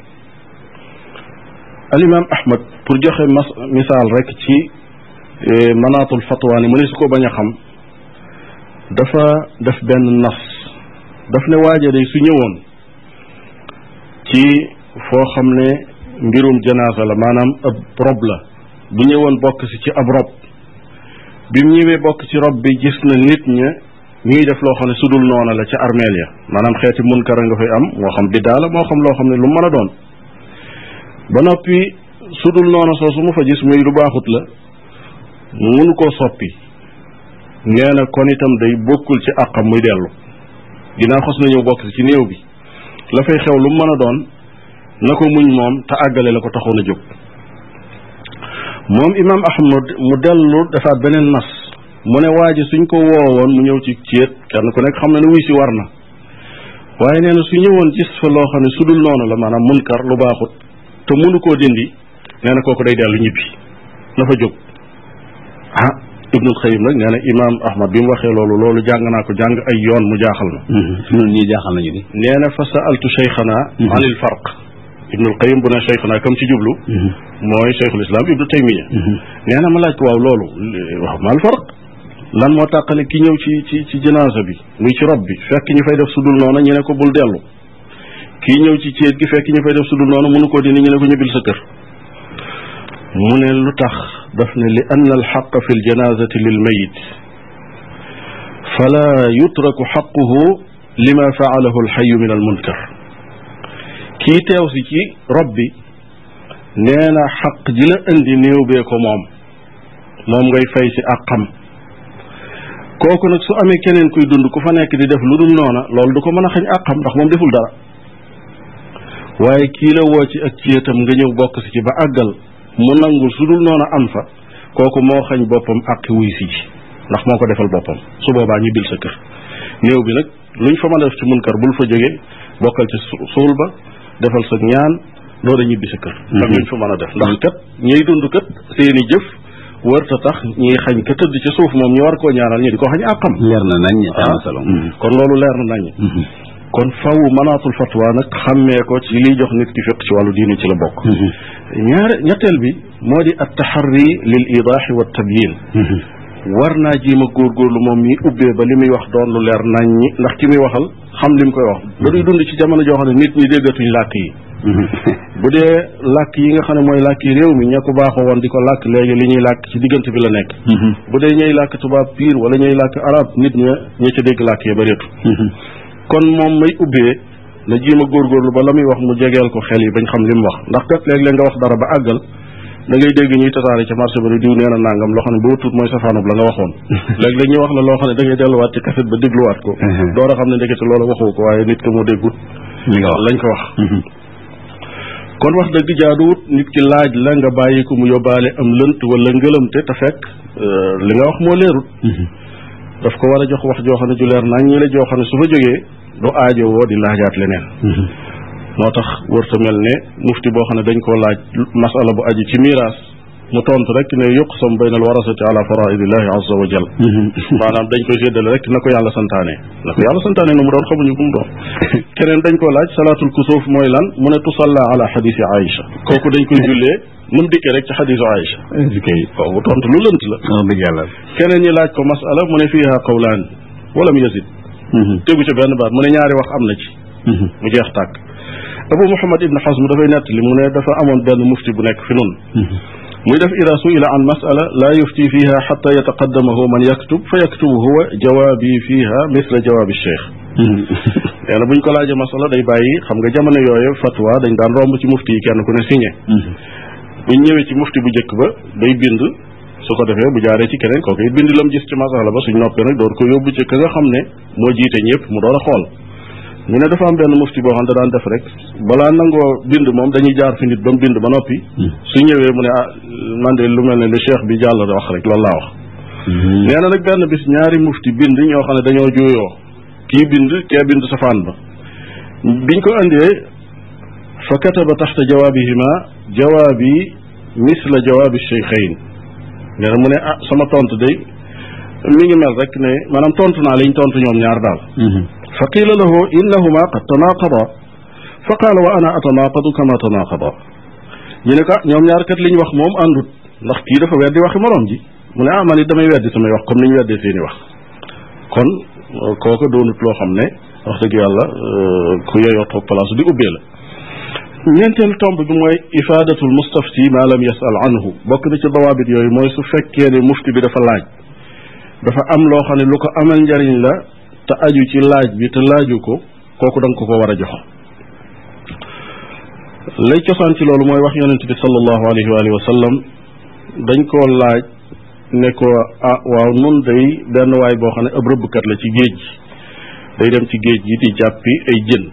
al imam ahmad pour joxe mas misaal rek ci Eh, manaatul fatwa ni mu ne su ko bañ a xam dafa def benn nas daf ne waaja day su ñëwoon ci foo xam ne mbirum janaasa la maanaam ab rob la bu ñëwoon bokk ci ab rob bi mu ñëwee bokk ci rob bi gis na nit ña ñuy def loo xam ne su dul noona la ca armeel ya maanaam xeeti munkara nga fay am moo xam biddaa la moo xam loo xam ne lu mën a doon ba noppi su noona soo su mu fa gis muy lu baaxut la mënu koo soppi nee na kon itam day bokkul ci àqam muy dellu ginnaaw xas nañoo bokk ci néew bi la fay xew lu mu mën a doon na ko muñ moom te àggale la ko taxoon a jóg moom imaam ahmad mu dellu dafa beneen nas mu ne waa suñ ko woowoon mu ñëw ci céet kenn ku nekk xam na ne wuy si war na waaye nee na su ñëwoon gis fa loo xam ne su dul noonu la maanaam munkar lu baaxut te mënu koo dindi nee na kooku day dellu ñibbi na jóg ah Ibnul Qayyim nag nee na imaam Ahmad bi mu waxee loolu loolu jàng naa ko jàng ay yoon mu jaaxal na. ñun ñii jaaxal nañu ni. nee na fa sa'altu shaykhana mhm. anil farq. Ibnul Qayyim bu ne shaykhana kam ci jublu. Mhm. mooy shaykhul islam Ibnu Taymiya. Mhm. nee na ma laaj ko waaw loolu wax mal farq. lan moo tàqale ki ñëw ci ci ci janaasa bi muy ci rab bi fekk ñu fay def su sudul noonu ñu ne ko bul dellu. ki ñëw ci ceet gi fekk ñu fay def sudul noonu mënu ko dindi ñu ne ko ñëbil sa kër. mu ne lu tax daf ne li ann alxaqa fi ljanazati lilmayit fala yutraku xaquhu lima faalahu alxayu min almunkar kii te si ci rob bi nee na xaq ji la bee ko moom moom ngay fay si àqam kooku nag su amee keneen kuy dund ku fa nekk di def lu dul noona loolu du ko mën a xañ àqam ndax moom deful dara waaye kii la woo ak ciyatam nga ñëw bokk si ci ba àggal mu nangul su dul noonu am fa kooku moo xañ boppam àqi wuy si ji ndax moo ko defal boppam su boobaa ñu bil sa kër néew bi nag luñ fa mën a def ci kër bul fa jógee bokkal ci suul ba defal sa ñaan loolu ñibbi sa kër ak mhm. luñ fa mën a def ndax mhm. kat dund kat seeni tax ñuy xañ ka tëdd ci suuf moom ñu war koo ñaanal ñu di ko xañ àqam leer na nañ ah. mhm. kon loolu leer na nañ kon faw manaatul fatwa nag xàmmee ko ci liy jox nit ki fiq ci wàllu diine ci la bokk mhm. ñaar ñetteel bi moo di at taxarri lil idaaxi wa tabyin mhm. war naa jéem a lu moom mi ubbee ba li muy wax doon lu leer nañ ñi ndax ki muy waxal xam li mu koy wax mhm. dañuy dund ci jamono joo xam ne nit ñi déggatuñ làkk yi bu dee làkk yi nga xam ne mooy làkk yi réew mi ña ko baaxoo woon di ko làkk léegi li ñuy làkk ci diggante bi la nekk bu dee ñëy làkk tubaab piir wala ñuy làkk arab nit ña ña ca dégg làkk ya bëreetu kon moom may ubbee na jiima góorgóorlu ba la muy wax mu jegeel ko xel yi bañ xam li mu wax ndax kat léeg leen nga wax dara ba àggal da ngay dégg ñuy tasaare ca marché ba di diw nee na nangam loo xam ne boo tuut mooy safaanub la nga waxoon (laughs) léeg-léeg ñu wax la loo xam ne da ngay delluwaat ci kaset ba dégluwaat ko uh-huh. door a xam ne ndekete loola waxoo ko waaye nit ko moo déggut li nga wax lañ ko wax uh-huh. kon wax dëgg jaaduwut nit ki laaj la nga bàyyi ko mu yóbbaale am lënt wala ngëlëmte te fekk euh, li nga wax moo leerut uh-huh. daf ko war jox wax joo xam na ju leer nañ a la joo xam ne su fa jógee du aajo woo di laajaat leneen mhm. moo tax wërta mel ne mufti boo xam ne dañ koo laaj masala bu aju ci miraas mu tontu rek ne yuq sam bayna al warasati ala faraidillahi azza wa jal mhm. maanaam dañ koy séddale rek na ko yàlla santaane na ko yàlla santaane nu mu doon xamuñu ku mu doon (laughs) keneen dañ ko laaj salaatul kusuuf mooy lan mu ne tusalla ala xadiisi aïcha kooku dañ koy jullee nu mu dikkee rek ci xadisu Aïcha kay foofu tontu lu lënt la wax ah, dëgg yàlla keneen ñi laaj ko masala mu ne fiiha qawlaan wala mu yasid mhm. tegu ci benn baat mu ne ñaari wax am na ci mhm. mu jeex tàkk Abu Muhammad ibn Hazm dafay nettali mu ne dafa amoon benn mufti bu nekk fi nun mhm. muy def ida suila an masala laa yufti fiha xata yataqaddamahu man yaktub fa yaktubu huwa jawaabi fiha misla jawaabi cheikh nee na buñ ko laajee masala day bàyyi xam nga jamono yooyu fatwa dañ daan romb ci mufti yi kenn ku ne signé bu ñëwee ci mufti bu njëkk ba day bind su ko defee bu jaaree ci keneen kooku it bind lam gis ci masala ba suñ noppee nag door ko yóbbu ci ka nga xam ne moo jiite yëpp mu door a xool mu ne dafa am benn mufti boo xam ne daan def rek balaa nangoo bind moom dañuy jaar fi nit ba mu bind ba noppi hmm. su ñëwee mu ne ah, man de lu mel ne li cheikh bi jàll wax rek loolu laa wax hmm. nee na benn bis ñaari mufti bind ñoo xam ne dañoo juuyoo kii bind kee bind safaan ba biñ ko indee fa kataba taxta jawaabihima jawaabi misla jawaabi cheikhayn nee na mu ne ah sama tontu day mi ngi mel rek ne maanaam tont naa liñ tont ñoom ñaar daal mhm. fa qiila lahu innahuma qad tanaaqada fa qaala wa ana atanaaqadu kama tanaaqada ñu ne ko ah, ñoom ñaar kat liñ wax moom àndut ndax kii dafa weddi waxi moroom ji mu ne ah man it damay weddi samay wax comme ni ñu seeni wax kon kooka doonut loo xam ne wax dëgg yàlla euh, ku yeyoo toog di ubbee la ñeenteelu tomb bi mooy ifaadatul mustafti ma lam yasal anhu bokk na ci dawaabit yooyu mooy su fekkee ne mufti bi dafa laaj dafa am loo xam ne lu ko amal njariñ la te aju ci laaj bi te laaju ko kooku danga ko war a jox lay cosaan ci loolu mooy wax yonent bi sallallahu alayhi wa alihi wa sallam koo laaj ne ko ah waaw nun day benn waay boo xam ne ab rëbbkat la ci géej gi day dem ci géej gi di jàppi ay jën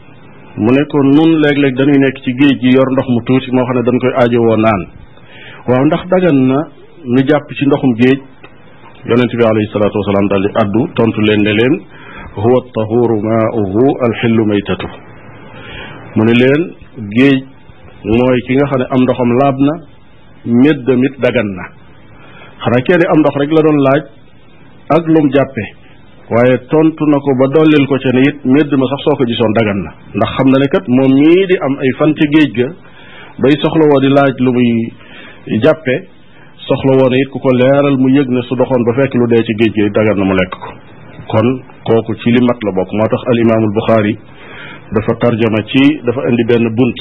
mu ne ko nun léeg-léeg dañuy nekk ci géej gi yor ndox mu tuuti moo xam ne dañ koy aajowoo naan waaw ndax dagan na nu jàpp ci ndoxum géej yonent bi alayhi salaatu wasalaam daal di addu tontu leen ne leen huwa tahuru maauhu alxillu maytatu mu ne leen géej mooy ki nga xam ne am ndoxam laab na méddamit dagan na xana kenn am ndox rek la doon laaj ak lum jàppe waaye tontu na ko ba dollil ko ca ne it ma sax soo ko jisoon dagan na ndax xam na ne kat moom mii di am ay fan ca géej ga bay soxlawoo di laaj lu muy jàppe soxlawoo ne it ku ko leeral mu yëg ne su doxoon ba fekk lu dee ci géej ga dagan na mu lekk ko kon kooku ci li mat la bokk moo tax al imaamul buxaari dafa tarjama ci dafa indi benn bunt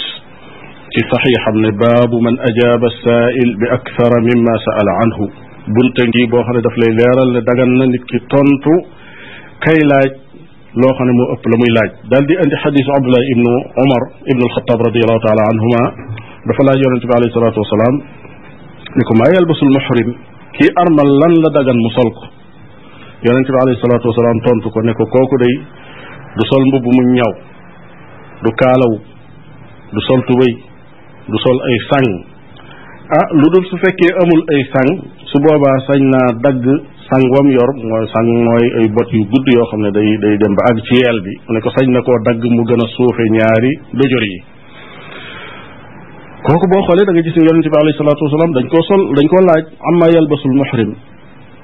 ci saxiixam ne baabu man ajaaba saail bi akthara mimma saala anhu bunta ngi boo xam ne daf lay leeral ne dagan nit ki tontu kay laaj loo xam ne moo ëpp la muy laaj dal di indi xadisu abdullah ibnu omar ibnu alxataab radiallahu taala anhuma dafa laaj yonente bi alayhi salaatu wasalaam ni ko maa yalbasul muhrim kii armal lan la dagan mu sol ko yonente bi alayhi salaatu wasalaam ko ne ko kooku day du sol mbubb mu ñaw du kaalaw du sol tubéy du sol ay sàng ah lu dul su fekkee amul ay sàng su boobaa sañ naa dagg sang wam yor mooy sang mooy bot yu gudd yoo xam ne day day dem ba ak ci yeel bi mu ne ko sañ na koo dagg mu gën a suufe ñaari dojor yi kooku boo xoolee da gis ne yonente bi alayhi salaatu wasalaam dañ koo sol dañ koo laaj amma yalbasul muhrim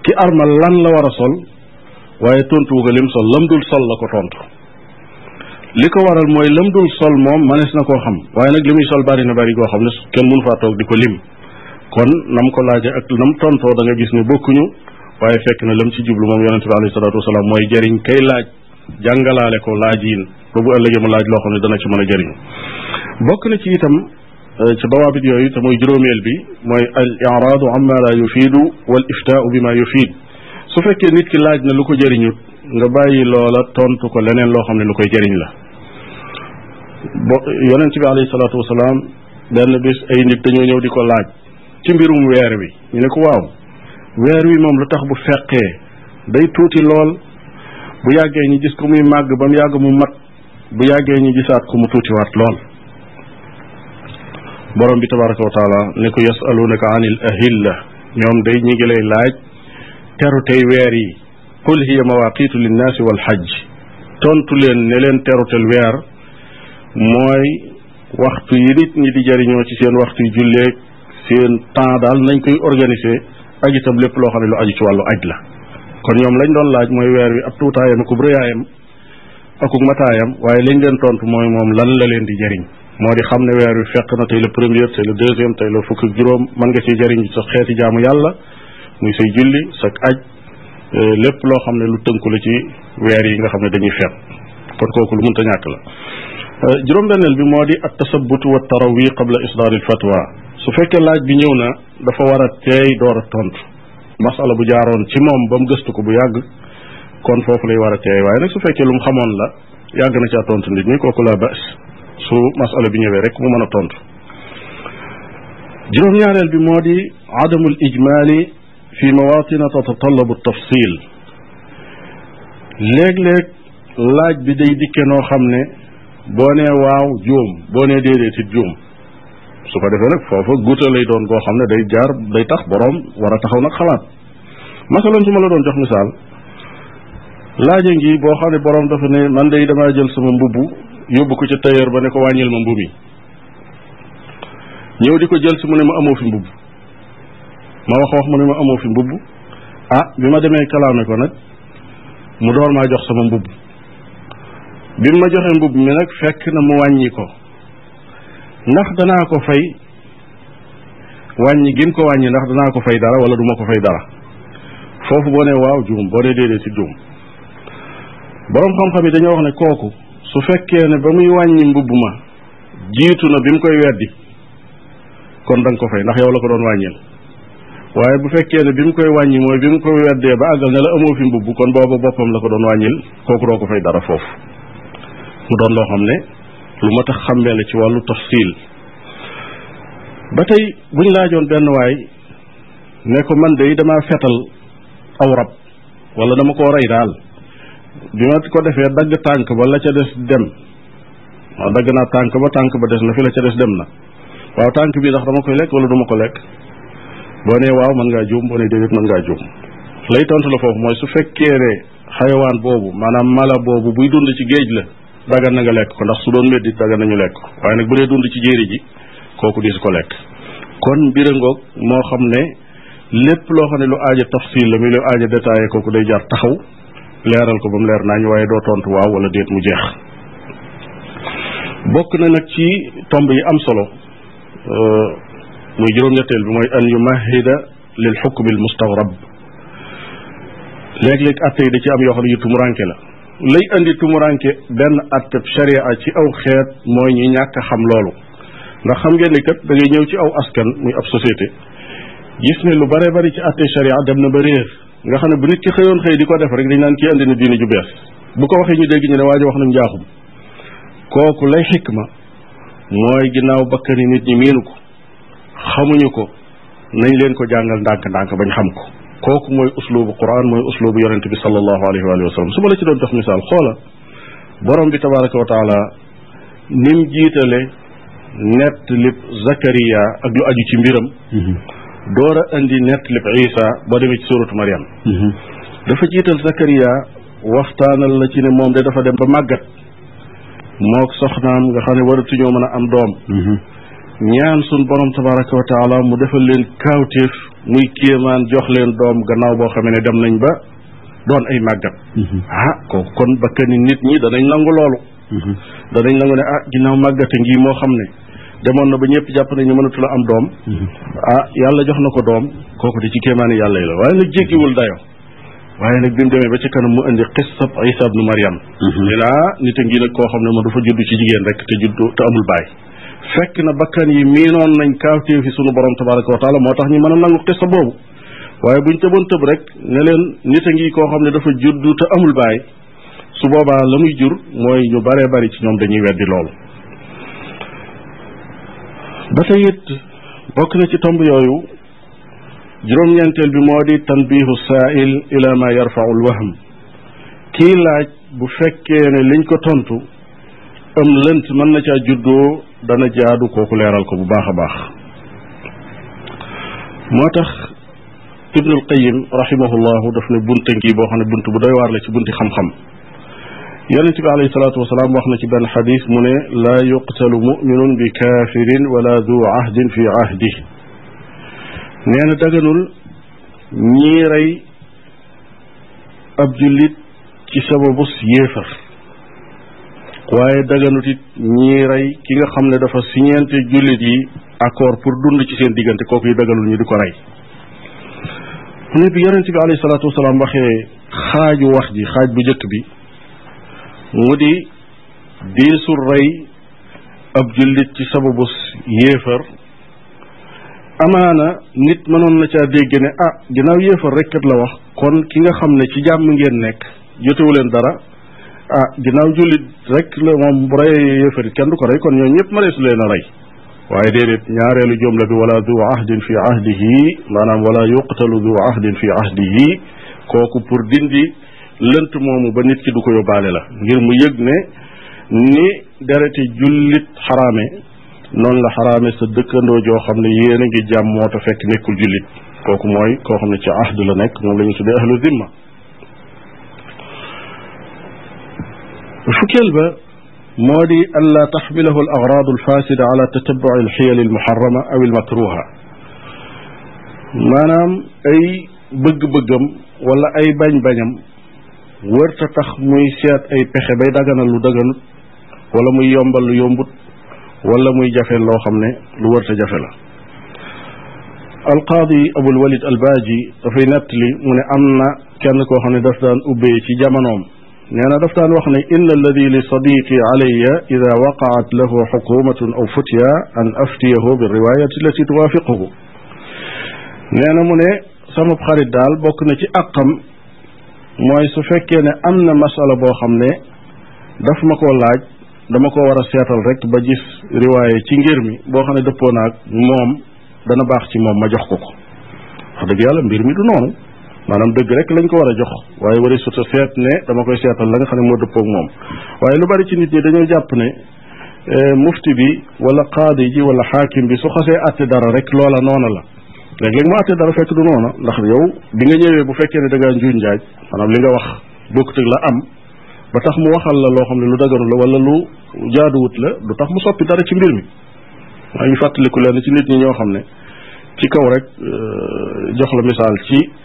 ki armal lan la war a sol waaye tontu ga lim sol lam dul sol la ko tontu li ko waral mooy lam dul sol moom manees na koo xam waaye nag li muy sol bari na bari goo xam ne kenn mënu faa toog di ko lim kon nam ko laaje ak nam tontoo da gis ne bokkuñu waaye fekk na lam ci jublu moom yonente bi alayhi salaatu wasalaam mooy jariñ kay laaj jàngalaale ko laajiin ba bu ëllëgee mu laaj loo xam ne dana ci mën a jëriñ bokk na ci itam euh, ci bawaabit yooyu te mooy bi mooy al iraadu amma la yufiidu wal iftaau bi ma yufiid su fekkee nit ki laaj na lu ko jëriñut nga bàyyi loola tontu ko leneen loo xam ne lu koy jariñ la bo yonent bi alayhi salaatu wasalaam benn bis ay nit dañoo ñëw di ko laaj ci mbirum weer wi ñu ne ko waaw weer wi moom lu tax bu feqee day tuuti lool bu yàggee ñu gis ko muy màgg ba mu yàgg mu mat bu yàggee ñu gisaat ko mu tuutiwaat lool borom bi tabaraka wa taala ne ko yasalunaka anil la ñoom day ñi ngi lay laaj teru weer yi qul hiya mawaqitu linnaasi wal xaj tontu leen ne leen terutel weer mooy waxtu yi nit ñi di jariñoo ci seen waxtu yu julleeg seen temps daal nañ koy organiser aj itam lépp loo xam ne lu aju ci wàllu aj la kon ñoom lañ doon laaj mooy weer wi ab tuutaayam akub rëyaayam akub mataayam waaye lañ leen tontu mooy moom lan la leen di jariñ moo di xam ne weer wi fekk na tey la première tey la deuxième tey la fukk juróom mën nga ciy jariñ sa xeeti jaamu yàlla muy say julli sa aj euh, lépp loo xam ne lu tënku la ci weer yi nga xam ne dañuy feet kon kooku lu mënta ñàkk la euh, juróom-benneel bi moo di at tasabbut wa tarawi qabla isdaar su fekkee laaj bi ñëw na dafa war a teey door a tontu masala bu jaaroon ci moom ba mu gëstu ko bu yàgg kon foofu lay war a teey waaye nag su fekkee lu mu xamoon la yàgg na caa tontu nit ñi kooku laa bas su masala bi ñëwee rek mu mën a tontu juróom-ñaareel bi moo di adamul ijmaali fi mawaatina tatatallabu tafsil léeg-léeg laaj bi day dikke noo xam ne boo nee waaw juum boo nee déedéet juum su ko defee nag foofa guute lay doon koo xam ne day jaar day tax boroom war a taxaw nag xalaat masalan su ma la doon jox misaal laaje ngi boo xam ne boroom dafa ne man day damaa jël sama mbubb yóbbu ko ca tailleur ba ne ko wàññil ma mbubb yi ñëw di ko jël si ne ma amoo mbubb ma wax wax mu ne ma amoo fi mbubb ah bi ma demee kalaame ko nag mu door maa jox sama mbubb bi ma joxee mbubb mi nag fekk na mu wàññi ko ndax danaa ko fay wàññi gin ko wàññi ndax danaa ko fay dara wala du ma ko fay dara foofu boo nee waaw juum boo nee déedéet si boroom xam-xam yi dañoo wax ne kooku su fekkee ne ba muy wàññi mbubb ma jiitu na bi mu koy weddi kon da ko fay ndax yow la ko doon wàññil waaye bu fekkee ne bi mu koy wàññi mooy bi mu ko weddee ba àggal ne la amoo fi mbubb kon booba boppam la ko doon wàññil kooku doo ko fay dara foofu mu doon loo xam ne lu mat a xàmmee la ci wàllu tafsil ba tey buñ laajoon benn waay ne ko man de damaa fetal aw rab wala dama koo rey daal bi ma ko defee dagg tànk ba la ca des dem waaw dagg naa tànk ba tànk ba des na fi la ca des dem na waaw tànk bii ndax dama koy lekk wala duma ko lekk boo nee waaw man ngaa juum boo nee déedéet mën ngaa juum lay tontu la foofu mooy su fekkee ne xayawaan boobu maanaam mala boobu buy dund ci géej la dagan na nga lekk ko ndax su doon méddit dagan nañu lekk ko waaye nag bu dee dund ci jéeri ji kooku di su ko lekk kon mbir ngoog moo xam ne lépp loo xam ne lu aaja tafsil la mi lu aaja kooku day jar taxaw leeral ko ba mu leer naañ waaye doo tontu waaw wala déet mu jeex na nag ci tomb yi am solo euh, muy juróom-ñetteel bi mooy an yumahida lil xukmi al mustagrab léeg-léeg atte yi da ci am yoo xam ne yu tumuranke la lay andi tumuranke benn atteb sharia ci aw xeet mooy ñuy ñàkk xam loolu ndax xam ngeen ni kat dangay ngay ñëw ci aw askan muy ab société gis ne lu bare bari ci atte sharia dem na ba réer nga xam ne bu nit ki xëyoon xëy di ko def rek dañ naan kii andi na diine ju bees bu ko waxee ñu dégg ñu ne waa wax na njaaxum kooku lay xikma mooy ginnaaw bakkani nit ñi miinu ko xamuñu ko nañ leen ko jàngal ndànk-ndànk bañ xam ko kooku mooy uslubu quran mooy uslubu yonente bi sallallahu alayhi wa sallam su ma la ci doon jox misaal xoola borom bi tabaraka wa nim jiitale nett lib ak lu aju ci mbiram mhm. door a indi nett lib Isa boo demee ci suratu Maryam mhm. dafa jiital Zakaria waxtaanal la ci ne moom de dafa dem ba màggat mook soxnaam nga xam ne waratuñoo mën a am doom mhm. ñaan sun borom tabaraka wa taala mu defal leen kaawteef muy kéemaan jox leen doom gannaaw boo xamee ne dem nañ ba doon ay màggat mhm. ah kooku kon ba bakkani nit ñi danañ nangu loolu mhm. danañ nangu ne ah ginnaaw màggate ngi moo xam ne demoon na ba ñëpp jàpp nañ ne mënatu la am doom mhm. ah yàlla jox na ko doom kooku di ci kéemaani yàlla yi la waaye nag jéggiwul dayo waaye nag bi mu demee ba ci kanam mu indi xissab Isa ibnu Maryam ne laa nit a ngi nag koo xam ne ma du dafa juddu ci jigéen rek te juddu te amul baay fekk na bakkan yi miinoon nañ kaawteefi sunu borom tabaraka wa taala moo tax ñu mën a nangu xisa boobu waaye buñ tëboon tëb rek ne leen nit a ngi koo xam ne dafa juddu te amul baay su boobaa la muy jur mooy ñu baree bari ci ñoom dañuy weddi loolu ba tey it bokk na ci tomb yooyu juróom-ñeenteel bi moo di tanbihu saail ila ma yarfaul wahm kii laaj bu fekkee ne liñ ko tontu am lënt mën na caa juddoo dana jaadu kooku leeral ko bu baax a baax moo tax ibnul qayim rahimahullahu daf ne bunta ngi boo xam ne bunt bu doy waar la ci bunti xam-xam yonente bi alayhi salaatu wasalaam wax na ci benn xadis mu ne laa yuqtalu muminun bi kaafirin wala du ahdin fi ahdi nee na daganul ñii rey ab jullit ci sababus yéefar waaye daganut it ñii rey ki nga xam ne dafa siñeente jullit yi accord pour dund ci seen diggante kooku yi daganul ñu di ko rey mu ne bi yonente bi alayhi salaatu wasalaam waxee xaaju wax ji xaaj bu njëkk bi mu di diisul rey ab jullit ci sababu yéefar amaana nit mënoon na caa dégg ne ah ginnaaw yéefar rekkat la wax kon ki nga xam ne ci jàmm ngeen nekk jotewu leen dara ah ginnaaw jullit rek la moom bu rey yéefarit kenn ko rey kon ñoo ñëpp mënees leen a rey waaye déedéet ñaareelu jumla bi wala du ahdin fi ahdihi maanaam wala yuqtalu du ahdin fi ahdihi kooku pour dindi lënt moomu ba nit ki du ko yóbbaale la ngir mu yëg ne ni dereti jullit xaraame noonu la xaraame sa dëkkandoo joo xam ne yéen a ngi jàmm moo te fekk nekkul jullit kooku mooy koo xam ne ci ahd la nekk moom lañu ñu tuddee ahlu zimma fukkeel ba moo di an laa taxmilahu al agradu alfasida ala tatabuci alxiyal almuharama aw almakruha maanaam ay bëgg-bëggam wala ay bañ-bañam wërta tax muy seet ay pexe bay daganal lu daganut wala muy yombal lu yombut wala muy jafe loo xam ne lu wërta jafe la alqaadi abulwalid albaaji dafay nettali mu ne am na kenn koo xam ne daf daan ubbee ci jamonoom nee na daf daan wax ne illa alladi li sadiqi alayya ida waqaat lahu xukumatun aw futiya an aftiyahu bi riwayati allati tuwaafiquhu nee na mu ne sama xarit daal bokk na ci àqam mooy su fekkee ne am na masala boo xam ne daf ma koo laaj dama ko war a seetal rek ba gis riwaaye ci ngir mi boo xam ne dëppoo naag moom dana baax ci moom ma jox ko ko wax dëgg yàlla mbir mi du noonu maanaam dëgg rek lañ ko war a jox waaye wari suta seet ne dama koy seetal la nga xam ne moo dëppoog moom waaye lu bari ci nit ñi dañoo jàpp ne eh, mufti bi wala qaadi ji wala xaakim bi su xasee atte dara rek loola noona la léeg-léeg mu atte dara fekk du noona ndax yow bi nga ñëwee bu fekkee ne da ngaa njuuñ njaaj maanaam li nga wax bokk ak la am ba tax mu waxal la loo xam ne lu dagaru la walla lu jaaduwut la lu tax mu soppi dara ci mbir mi maa ngi fàttaliku leen ci nit ñi xam ne ci kaw rek eh, jox la misaal ci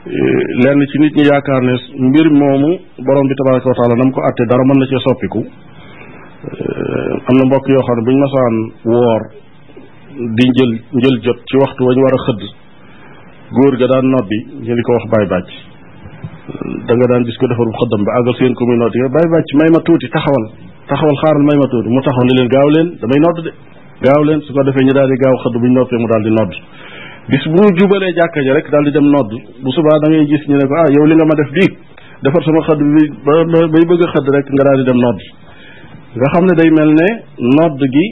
Eh, lenn ci nit ñi yaakaar ne mbir moomu borom bi tabaraka wa taala na mu ko àtte dara mën na cee soppiku eh, am na mbokk yoo xam ne bu ñu masaan woor di njël njël jot ci waxtu wañu war a xëdd góor ga daan nobbi ñu di ko wax bay bàcc eh, da nga daan gis ko defar bu xëddam ba àggal seen commune noot yi bay bàcc may ma tuuti taxawal taxawal xaaral may ma tuuti mu taxaw ne leen gaaw leen damay nodd de gaaw leen su ko defee ñu daal di gaaw xëdd bu ñu noppee mu daal di noddi bis bu jubalee jàkka ji rek daal di dem nodd bu subaa da gis ñu ne ko ah yow li nga ma def bii defar sama xëdd bi ba bay bëgg a xëdd rek nga daal di dem nodd nga xam ne day mel ne nodd gi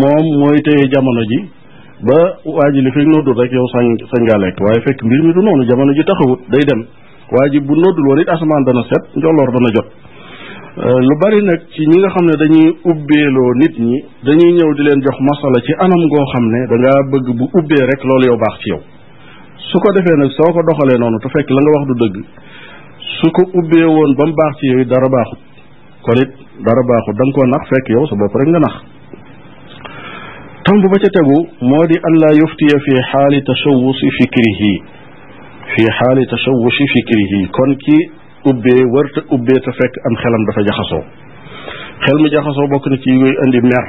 moom mooy téye jamono ji ba waa ji li fi noddul rek yow sañ sañ ngaa lekk waaye fekk mbir mi du noonu jamono ji taxawut day dem waa ji bu noddul woon it asamaan dana set njolloor dana jot Euh, lu bari nag ci ñi nga xam ne dañuy ubbeeloo nit ñi dañuy ñëw di leen jox masala ci anam goo xam ne da bëgg bu ubbee rek loolu yow baax ci yow su ko defee nag soo ko doxalee noonu te fekk la nga wax du dëgg su ko ubbee woon ba mu baax ci yow dara baaxut kon it dara baaxut da koo nax fekk yow sa bopp rek nga nax tomb ba ca tegu moo di an laa yuftiya fi xaali tashawusi fikrihi fi xaali tashawusi fikrihi kon ki ubbee warta ubbee te fekk am xelam dafa jaxasoo xel mu jaxasoo bokk na ci yooyu indi mer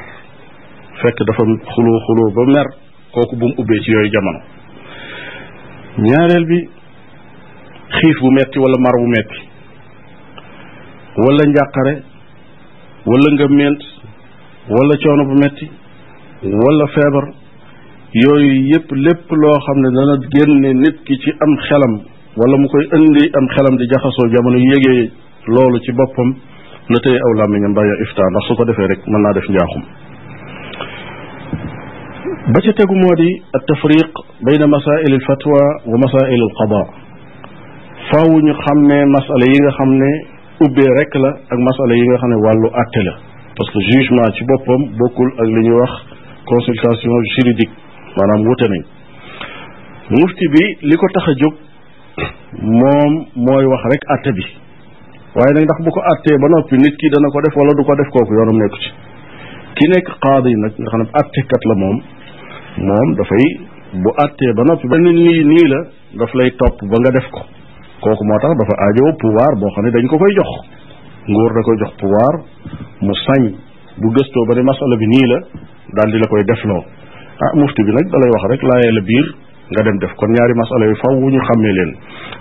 fekk dafa xuloo xuloo ba mer kooku bu ubbee ci yooyu jamono ñaareel bi xiif bu metti wala mar bu metti wala njàqare wala nga ment wala coono bu metti wala feebar yooyu yépp lépp loo xam ne dana génne nit ki ci am xelam wala mu koy indi am xelam di jaxasoo jamono yu yëgee loolu ci boppam na téye aw làmmiñam bàyyi ifta ndax su ko defee rek mën naa def njaaxum ba ca tegu di at tafriq bayna masail al fatwa wa masail al qada faaw ñu xam ne masala yi nga xam ne ubbee rek la ak masala yi nga xam ne wàllu àtte la parce que jugement ci boppam bokkul ak lu ñuy wax consultation juridique maanaam wute nañ mufti bi li ko tax a jóg moom mooy wax rek àtte bi waaye nag ndax bu ko àttee ba noppi nit ki dana ko def wala du ko def kooku yoonam nekku ci ki nekk qaadi nag nga xam ne àttekat la moom moom dafay bu àttee ba noppi ba ne nii nii la daf lay topp ba nga def ko kooku moo tax dafa aajowoo pouvoir boo xam ne dañ ko koy jox nguur da koy jox pouvoir mu sañ bu gëstoo ba ne masala bi nii la daal di la koy defloo ah mufti bi nag dalay wax rek laayee la biir nga dem def kon ñaari masala yu faw wu ñu xàmmee leen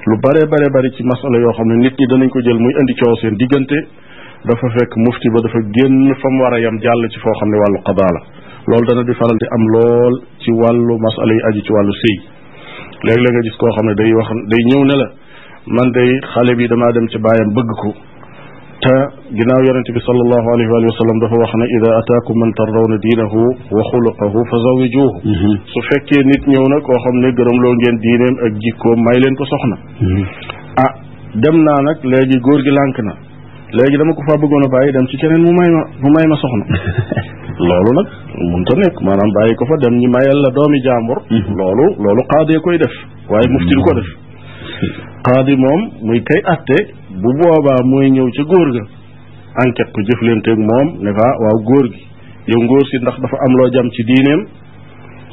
lu bare bare bari ci masala yoo xam ne nit ñi danañ ko jël muy indi coow seen diggante dafa fekk mufti ba dafa génn fa mu war a yam jàll ci foo xam ne wàllu qadaa la loolu dana di faral di am lool ci wàllu masala yi aju ci wàllu sëy léeg-léeg nga gis koo xam ne day wax day ñëw ne la man day xale bi damaa dem ci baayam bëgg ko te ginnaaw yonente bi sallallahu alayhi wa sallam dafa wax ne ida ataakum man tardawna diinahu wa xuluqahu fa zawijuhu mhm. su fekkee nit ñëw na koo xam ne gërëm loo ngeen diineem ak jikkoom may leen ko soxna mhm. ah dem naa nag léegi góor gi lànk na léegi dama ko faa bëggoon a bàyyi dem ci keneen mu may ma mu may ma soxna (laughs) loolu nag mënta nekk maanaam bàyyi ko fa dem ñi mayal la doomi jàmbur mhm. loolu loolu qaadee koy def waaye mufti du ko def qaadi moom muy kay atte bu boobaa mooy ñëw ca góor ga enquête ko jëflanteeg moom ne fa waaw góor gi yow ngóor si ndax dafa am loo jam ci diineem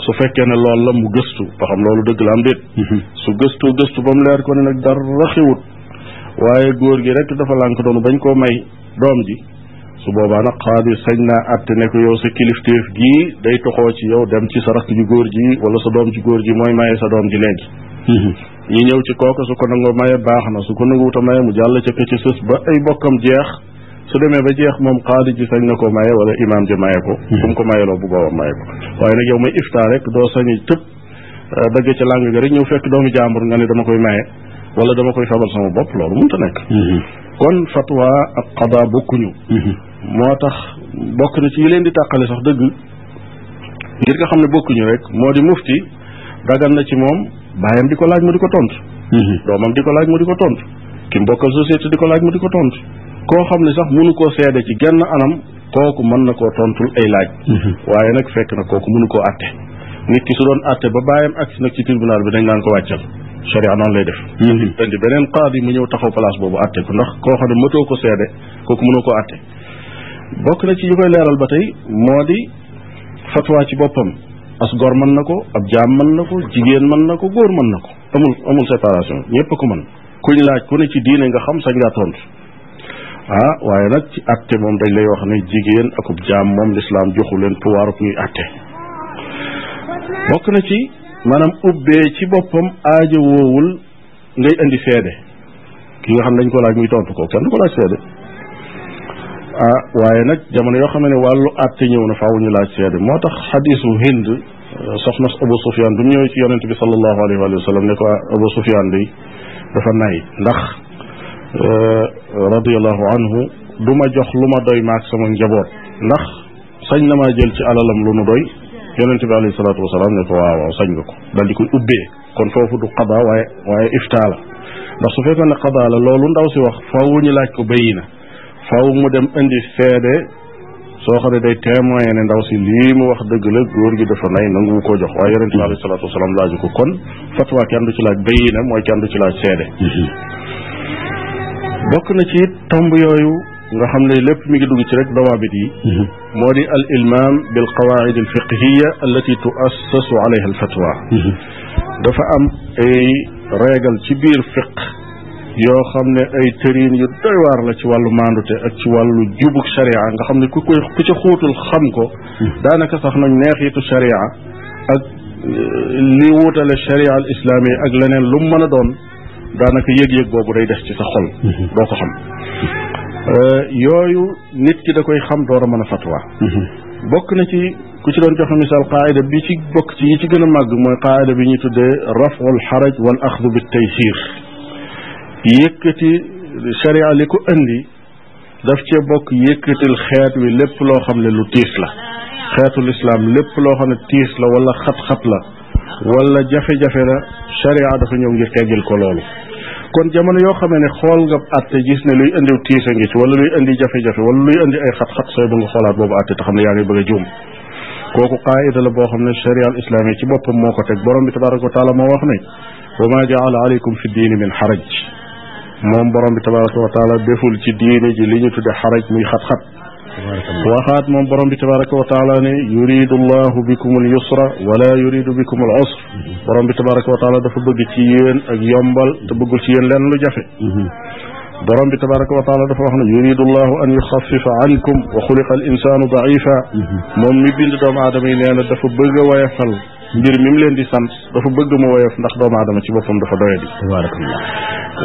su fekkee ne loolu la mu gëstu ba xam loolu dëgg la am déet mhm. su gëstoo gëstu ba mu leer ko ne nag dara xewut waaye góor gi rek dafa lànk doon bañ koo may doom ji su boobaa nag xaadi sañ naa àtte ne ko yow sa kilifteef gii day toxoo ci yow dem ci sa rakk ju góor ji wala sa doom ju góor ji mooy maye sa doom ji léegi mhm. ñu ñëw ci kooka su ko nangoo maye baax na su ko nanguwuta maye mu jàll ca ci sës ba ay bokkam jeex su demee ba jeex moom xaadi ji sañ na ko maye wala imaam ji ko su hmm. ko mayeloo bu boobam maye ko waaye nag yow may iftaa doo sañu tëb euh, dagg ci làng ga rek ñëw fekk doomu nga ne dama koy maye wala dama koy fabal sama bopp loolu mënta nekk hmm. kon fatwa ak xada bokkuñu hmm. moo tax bokk na ci leen di tàqale sax dëgg ngir nga xam ne bokkuñu rek moo di mufti dagan na ci moom baayam di ko laaj mu di ko tontu. Mhm. doomam di ko laaj mu di ko tontu. ki mbokkal société di ko laaj mu di ko tontu. koo xam ne sax mënu koo seede ci genn anam kooku mën na koo tontul ay laaj. Mhm. waaye nag fekk na kooku mënu koo àtte. nit ki su doon àtte ba baayam agsi nag ci tribunal bi dañ daan ko wàccal. sharia noonu lay def. Mhm. indi beneen qaadi mu ñëw taxaw place boobu àtte ko ndax koo xam ne mëtoo ko seede kooku mënoo ko àtte. bokk na ci ñu koy leeral ba tey moo di fatwa ci boppam. as gor mën na ko ab jaam mën na ko jigéen mën na ko góor mën na ko amul amul séparation ñëpp ko man kuñ laaj ku ne ci diine nga xam sañ ngaa tontu ah waaye nag ci atte moom dañ lay wax ne jigéen akub jaam moom lislaam joxu leen pouvoir ñuy atte bokk na ci maanaam ubbee ci boppam aajo woowul ngay indi seede ki nga xam dañ ko laaj muy tontu ko kenn du ko laaj seede ah waaye nag jamono yoo xam ne wàllu àtte ñëw na faaw ñu laaj seede moo tax xadisu hind eh, soxna Abu Sufyaan bi ñëw ci yonent bi sallallahu alayhi wa sallam ne ko ah, Abu Sufyaan day dafa nay ndax eh, radiyallahu anhu du ma jox lu ma doy maag sama njaboot ndax sañ na maa jël ci alalam lu nu doy yonent bi alayhi salaatu wasalaam ne ko waaw waaw sañ nga ko dal di koy ubbee kon foofu du qada waaye waaye iftaa la ndax su fekkoon ne qada la ndaw si wax faaw ñu laaj ko bayi na faw mu dem indi seede soo xam ne day témoigné ne ndaw si lii mu wax dëgg la góor gi dafa nay nangu ko jox waaye yonente bi alayhi salaatu wasalaam laaju ko kon fatwa kenn du ci laaj bayina mooy kenn du ci laaj seede bokk na ci tomb yooyu nga xam ne lépp mi ngi dugg ci rek dawaabit yi moo di al ilmaam bil qawaid al fiqhiya allati tuassasu alayha al fatwa dafa am ay ci biir fiq yoo xam ne ay tëriin yu doy waar la ci wàllu maandute ak ci wàllu jubuk sharia nga xam ne ku koy ku ca xam ko hmm. daanaka sax nañ neexitu sharia ak eh, li wutale sharia al islami ak leneen lu mën a doon daanaka yëg-yëg boobu day des ci sa xol hmm. doo ko xam eh, yooyu nit ki da koy xam door a mën a fatwa hmm. bokk na ci ku ci doon joxe misaal qaayida bi ci bokk ci yi ci gën a màgg mooy qaayida bi ñuy tuddee raful xaraj wal axdu bi taysir yëkkati sharia li ko indi daf cee bokk yëkkatil xeet wi lépp loo xam ne lu tiis la xeetul islaam lépp loo xam ne tiis la wala xat-xat la wala jafe-jafe la sharia dafa ñëw ngir teggil ko loolu kon jamono yoo xamee ne xool nga àtte gis ne luy indiw tiis a ngi ci wala luy indi jafe-jafe wala luy indi ay xat-xat sooy ba nga xoolaat boobu àtte te xam ne yaa ngi bëgg a juum kooku qaayida la boo xam ne sharia al islaam yi ci boppam moo ko teg borom bi tabaraka wa taala moo wax ne wa ma jaala aleykum fi diini min xaraj moom borom bi tabaraka wa taala deful ci diine ji li ñu tudde xaraj muy xat-xat waxaat moom borom bi tabaraka wa taala ne yuridu llahu bikum al yusra wala yuridu bikum al usr borom bi tabaraka wa taala dafa bëgg ci yéen ak yombal te bëggul ci yéen lenn lu jafe borom bi tabaraka wa taala dafa wax ne yuridu llahu an yuxafifa ankum wa xuliqa al insaanu daifa moom mi bind doomu aadama yi nee na dafa bëgg a wayafal mbir mi mu leen di sant dafa bëgg mu woyof ndax doomu aadama ci boppam dafa doyadi tabarakallah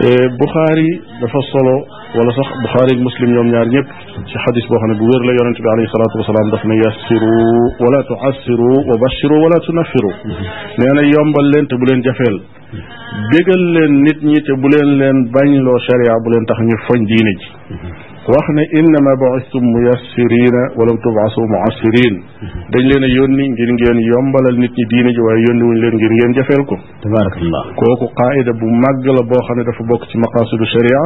eh, buxaari dafa solo wala sax buxaari ak muslim ñoom ñaar ñëpp ci xadis boo xam ne bu wér la yonente bi alayhi salaatu wasalaam daf ne yassiru wala tuassiru wa bashiru wala tunaffiru nee na yombal leen te bu leen jafeel bégal leen nit ñi te bu leen leen bañ loo sharia bu leen tax ñu foñ diine ji wax ne innama bu'istum muyassirina walam tub'asu mu'assirin dañ leen a yónni ngir ngeen yombalal nit ñi diine ji waaye yónni leen ngir ngeen jafeel ko tabarakallah kooku qaayida bu màgg la boo xam ne dafa bokk ci maqaasidu sharia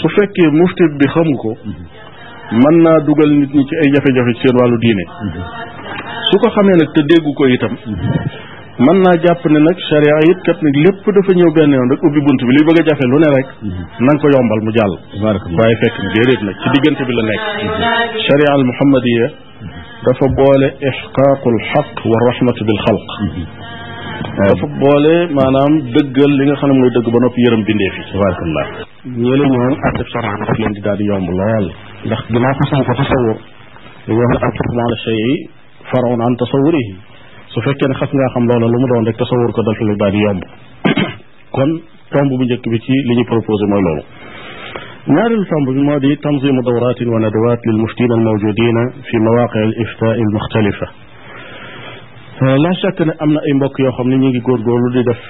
su fekkee mufti bi xamu ko mën naa dugal nit ñi ci ay jafe-jafe ci seen wàllu diine su ko xamee nag te déggu ko itam mën naa jàpp ne nag charia it kat nag lépp dafa ñëw benn yoon rek ubbi bunt bi li bëgg a jafe lu ne rek mhm. na nga ko yombal mu jàll waaye fekk ni déedéet nag ci diggante bi la nekk charia al muhammadiya dafa boole ihqaaqul xaq wa rahmatu bil xalq mhm. dafa boole maanaam dëggal li nga xam ne mooy dëgg ba noppi yërëm bindee fi tabarakallah ñële ñoom àtteb charia daf leen di daal di yomb lool ndax ginnaaw façon ko tasawur dañoo wax ne al hukmu ala shay'i far'un an tasawurihi su fekkee ne xas nga xam loola lu mu doon rek tasawur ko dal lu daal di (coughs) kon tomb bu njëkk bi ci li ñu proposé mooy loolu ñaareelu tomb bi moo di tanzimu dawratin wa nadawat lil muftina al mawjudina fi mawaqi al iftaa al muxtalifa euh, la chaque ne am na ay mbokk yoo xam ne ñu ngi góorgóorlu di def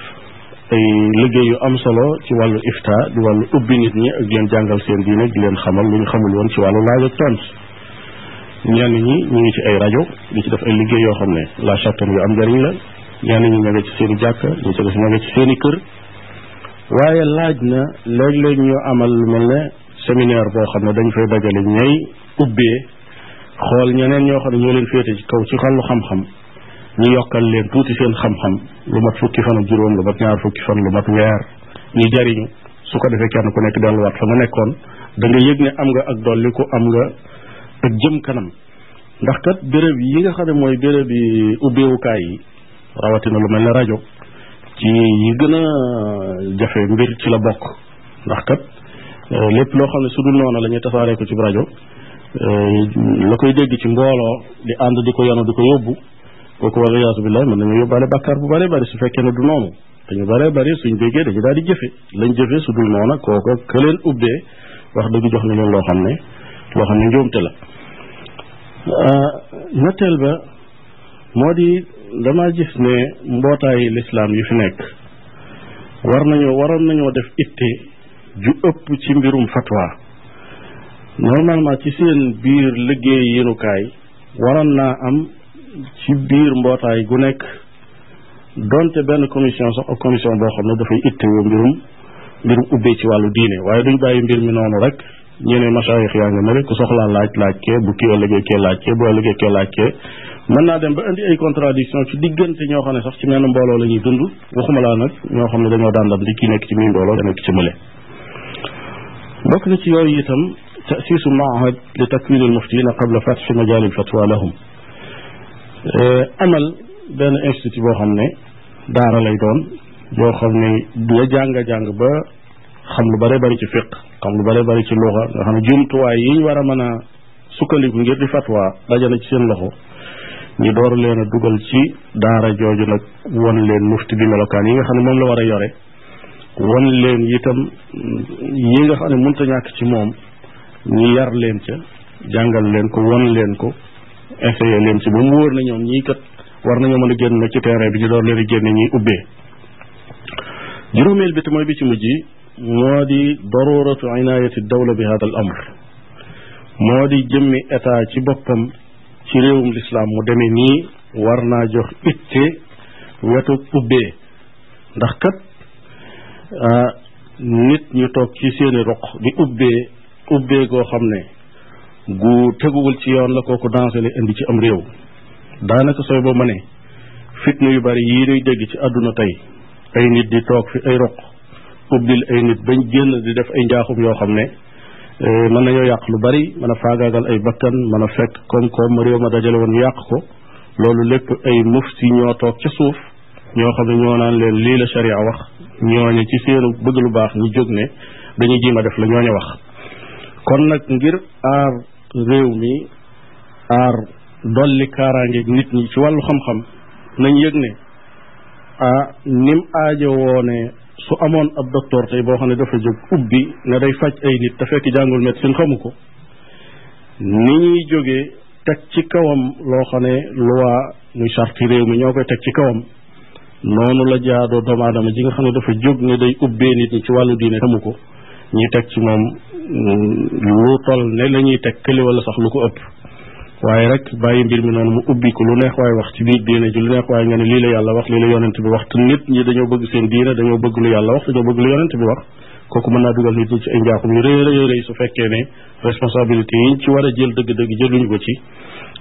ay liggéey yu am solo ci wàllu ifta du wàllu ubbi nit ñi ak leen jàngal seen diine di leen xamal lu ñu xamul woon ci wàllu laaj ak tontu ñenn ñi ñu ngi ci ay rajo di ci def ay liggéey yoo xam ne la chattan yu am njëriñ la ñenn ñi ña nga ci seen i jàkka ña nga laaj na léeg-léeg ñu amal lu mel ne séminaire boo xam ne dañ fay dajale ñay ubbee xool ñeneen ñoo xam ne ñoo leen féete ci ci xàllu xam ñu yokkal leen tuuti seen xam lu mat fukki fan ak juróom lu mat ñaar fukki fan lu mat weer ñu jariñu su ko defee kenn ku nekk delluwaat fa nga nekkoon da yëg ne am nga ak dolliku am nga ak jëm kanam ndax kat béréb yi nga xam ne mooy béréb yi ubbeewukaay yi rawatina lu mel ne rajo ci yi gën a jafe mbir ci la bokk ndax kat euh, lépp loo xam ne su dul noonu la ñuy tasaaree ko ci rajo euh, la koy dégg ci mbooloo di ànd di ko yanu di ko yóbbu kooku wala yaasu billahi mën nañu yóbbaale bàkkaar bu bare bëri su fekkee ne du noonu dañu bëree bëri suñ déggee dañu daal di jëfe lañ jëfe su dul noonu kooku ka leen ubbee wax dëgg jox na leen loo xam ne boo xam ne njuumte la euh, ñetteel ba moo di dama gis ne mbootaay lislaam yu fi nekk war nañoo waroon nañoo def itte ju ëpp ci mbirum fatwa normalement ci seen biir liggéey yenukaay waroon naa am ci biir mbootaay gu nekk donte benn commission sax ak commission boo xam ne dafay ittewoo mbirum mbirum ubbee ci wàllu diine waaye duñ bàyyi mbir mi noonu rek ñu ne masaayix yaa nga ne ku soxlaa laaj laaj kee bu kii ëllëgee kee laaj kee bu ëllëgee kee laaj kee mën naa dem ba indi ay contradiction ci diggante ñoo xam ne sax ci menn mbooloo ñuy dund waxuma xam ne dañoo dandam di nekk ci muy mbooloo nekk ci mële bokk na ci yooyu itam tasiisu maahad li takwin al muftiina qabla fatxi majaali fatwa lahum eh, amal benn institut boo xam ne daara lay doon boo xam ne la jàng jàng ba xam lu bare bari ci fiq xam lu bare bari ci luga nga xam ne jumtuwaay yi ñu war a mën a sukkandiku ngir di fatwa daje na ci seen loxo ñu door leen a dugal ci daara jooju nag won leen mufti bi melokaan yi nga xam ne moom la war a yore won leen itam yi nga xam mënta ñàkk ci moom ñu yar leen ca jàngal leen ko won leen ko essayé leen ci ba mu wóor na ñoom ñii kat war nañoo mën a génn nag ci terrain bi ñu door leen a génne ñuy ubbee juróomeel bi te mooy bi ci mujj moo di daruratu inaayati dawla bi hada amr moo di jëmmi état ci boppam ci réewum lislaam mu demee nii war naa jox itte wetu ubbee ndax kat nit ñu toog ci seeni roq di ubbee ubbee koo xam ne gu teguwul ci yoon la kooku dansale indi ci am réew daanaka sooy ba ma ne fitna yu bari yi nuy dégg ci àdduna tey ay nit di toog fi ay roq ubbil ay nit bañ génn di def ay njaaxum yoo xam ne euh, mën nañoo yàq lu bari mën a faagaagal ay bakkan mën a fekk koom-koom réew ma dajale woon yàq ko loolu lépp ay mufti ñoo toog ca suuf ñoo xam ne ñoo naan leen lii la sharia wax ñooñe ci seenu bëgg lu baax ñu jóg ne dañuy jiima def la ñooñe wax kon nag ngir aar réew mi aar dolli kaaraangeeg nit ñi ci wàllu xam-xam nañ yëg ne ah nim aajo woone su amoon ab docteur tey boo xam ne dafa jóg ubbi ne day faj ay nit te fekk jàngul médecine xamu ko ni ñuy jógee teg ci kawam loo xam ne loi muy sarti réew mi ñoo koy teg ci kawam noonu la jaadoo doomu aadama ji nga xam ne dafa jóg ne day ubbee nit ñi ci wàllu diine xamu ko ñuy teg ci moom mm, lu toll ne la ñuy teg këli wala sax lu ko ëpp waaye rek bàyyi mbir mi noonu mu ubbi ko lu neex waaye wax ci biir diine ji lu neex waaye nga ne lii la yàlla wax lii la yonent bi wax te nit ñi dañoo bëgg seen diine dañoo bëgg lu yàlla wax dañoo bëgg lu yonent bi wax kooku mën naa dugal nit ñi ci ay njaaxum yu rëy rëy rëy su fekkee ne responsabilité yi ci war a jël dëgg-dëgg jëluñu ko ci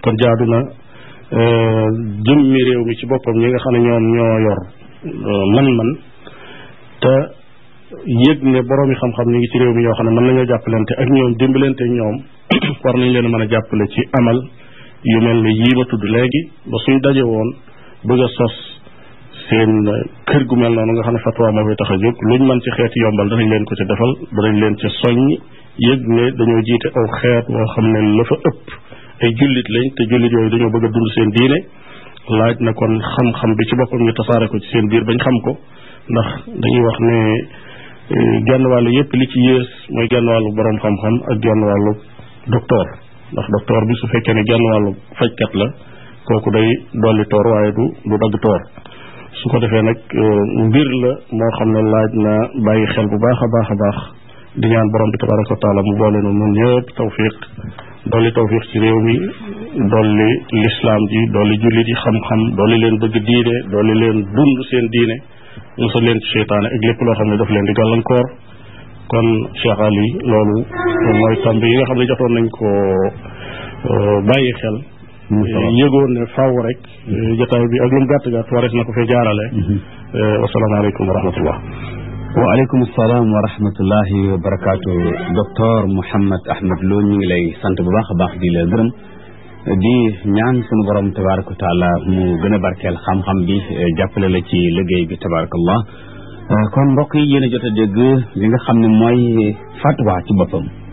kon jaadu na euh, jëm mi réew mi ci boppam ñi nga xam ne ñoom ñoo yor euh, man-man te yëg ne borom yi xam-xam ngi ci réew mi yoo xam ne mën nañoo jàppalante ak ñoom dimbalante ñoom (clears throat) war nañ leen mën a jàppale ci amal yu mel ne yii ma tudd léegi ba suñ daje woon bëgg a sos seen kër gu mel noonu nga xam ne fatwa moo tax a jóg luñ mën ci xeeti yombal danañ leen ko ci defal danañ leen ci soññ yëg ne dañoo jiite aw xeet woo xam ne la fa ëpp ay jullit lañ te jullit yooyu dañoo bëgg dund seen diine laaj na kon xam-xam bi ci boppam ñu tasaare ko ci seen biir bañ xam ko ndax dañuy wax ne Eh, genn wàllu yépp li ci yées mooy genn wàllu boroom xam-xam ak genn wàllu docteur ndax docteur bi su fekkee ne genn wàllu fajkat la kooku day dolli toor waaye du du dagg toor su ko defee nag eh, mbir la moo xam ne laaj na bàyyi xel bu baax a baax a baax di ñaan borom bi tabaraka wa taala mu boole noonu ñun yëpp tawfiq dolli tawfiq ci réew mi dolli lislaam ji dolli jullit yi xam-xam dolli leen bëgg diine dolli leen dund seen diine musal leen ci seytaane ak lépp loo xam ne daf leen di gàllankoor kon Cheikh Ali loolu mooy tomb yi nga xam ne jotoon nañ ko euh, bàyyi xel yëgoon ne faaw rek mm-hmm. euh, jotaay bi ak lu mu gàtt gàtt warees na ko fee jaarale mm-hmm. euh, wasalaamaaleykum wa rahmatullah waaleykum salaam wa rahmatullahi wa barakaatu docteur Mouhammad Ahmad Lo ñu ngi lay sant bu baax a baax di la gërëm di ñaan sunu borom tabaraka wa mu gën a barkeel xam-xam bi eh, jàppale la ci liggéey bi tabarakallah eh, kon mbokk yi yéen a jot a dégg li nga xam ne mooy fatwa ci boppam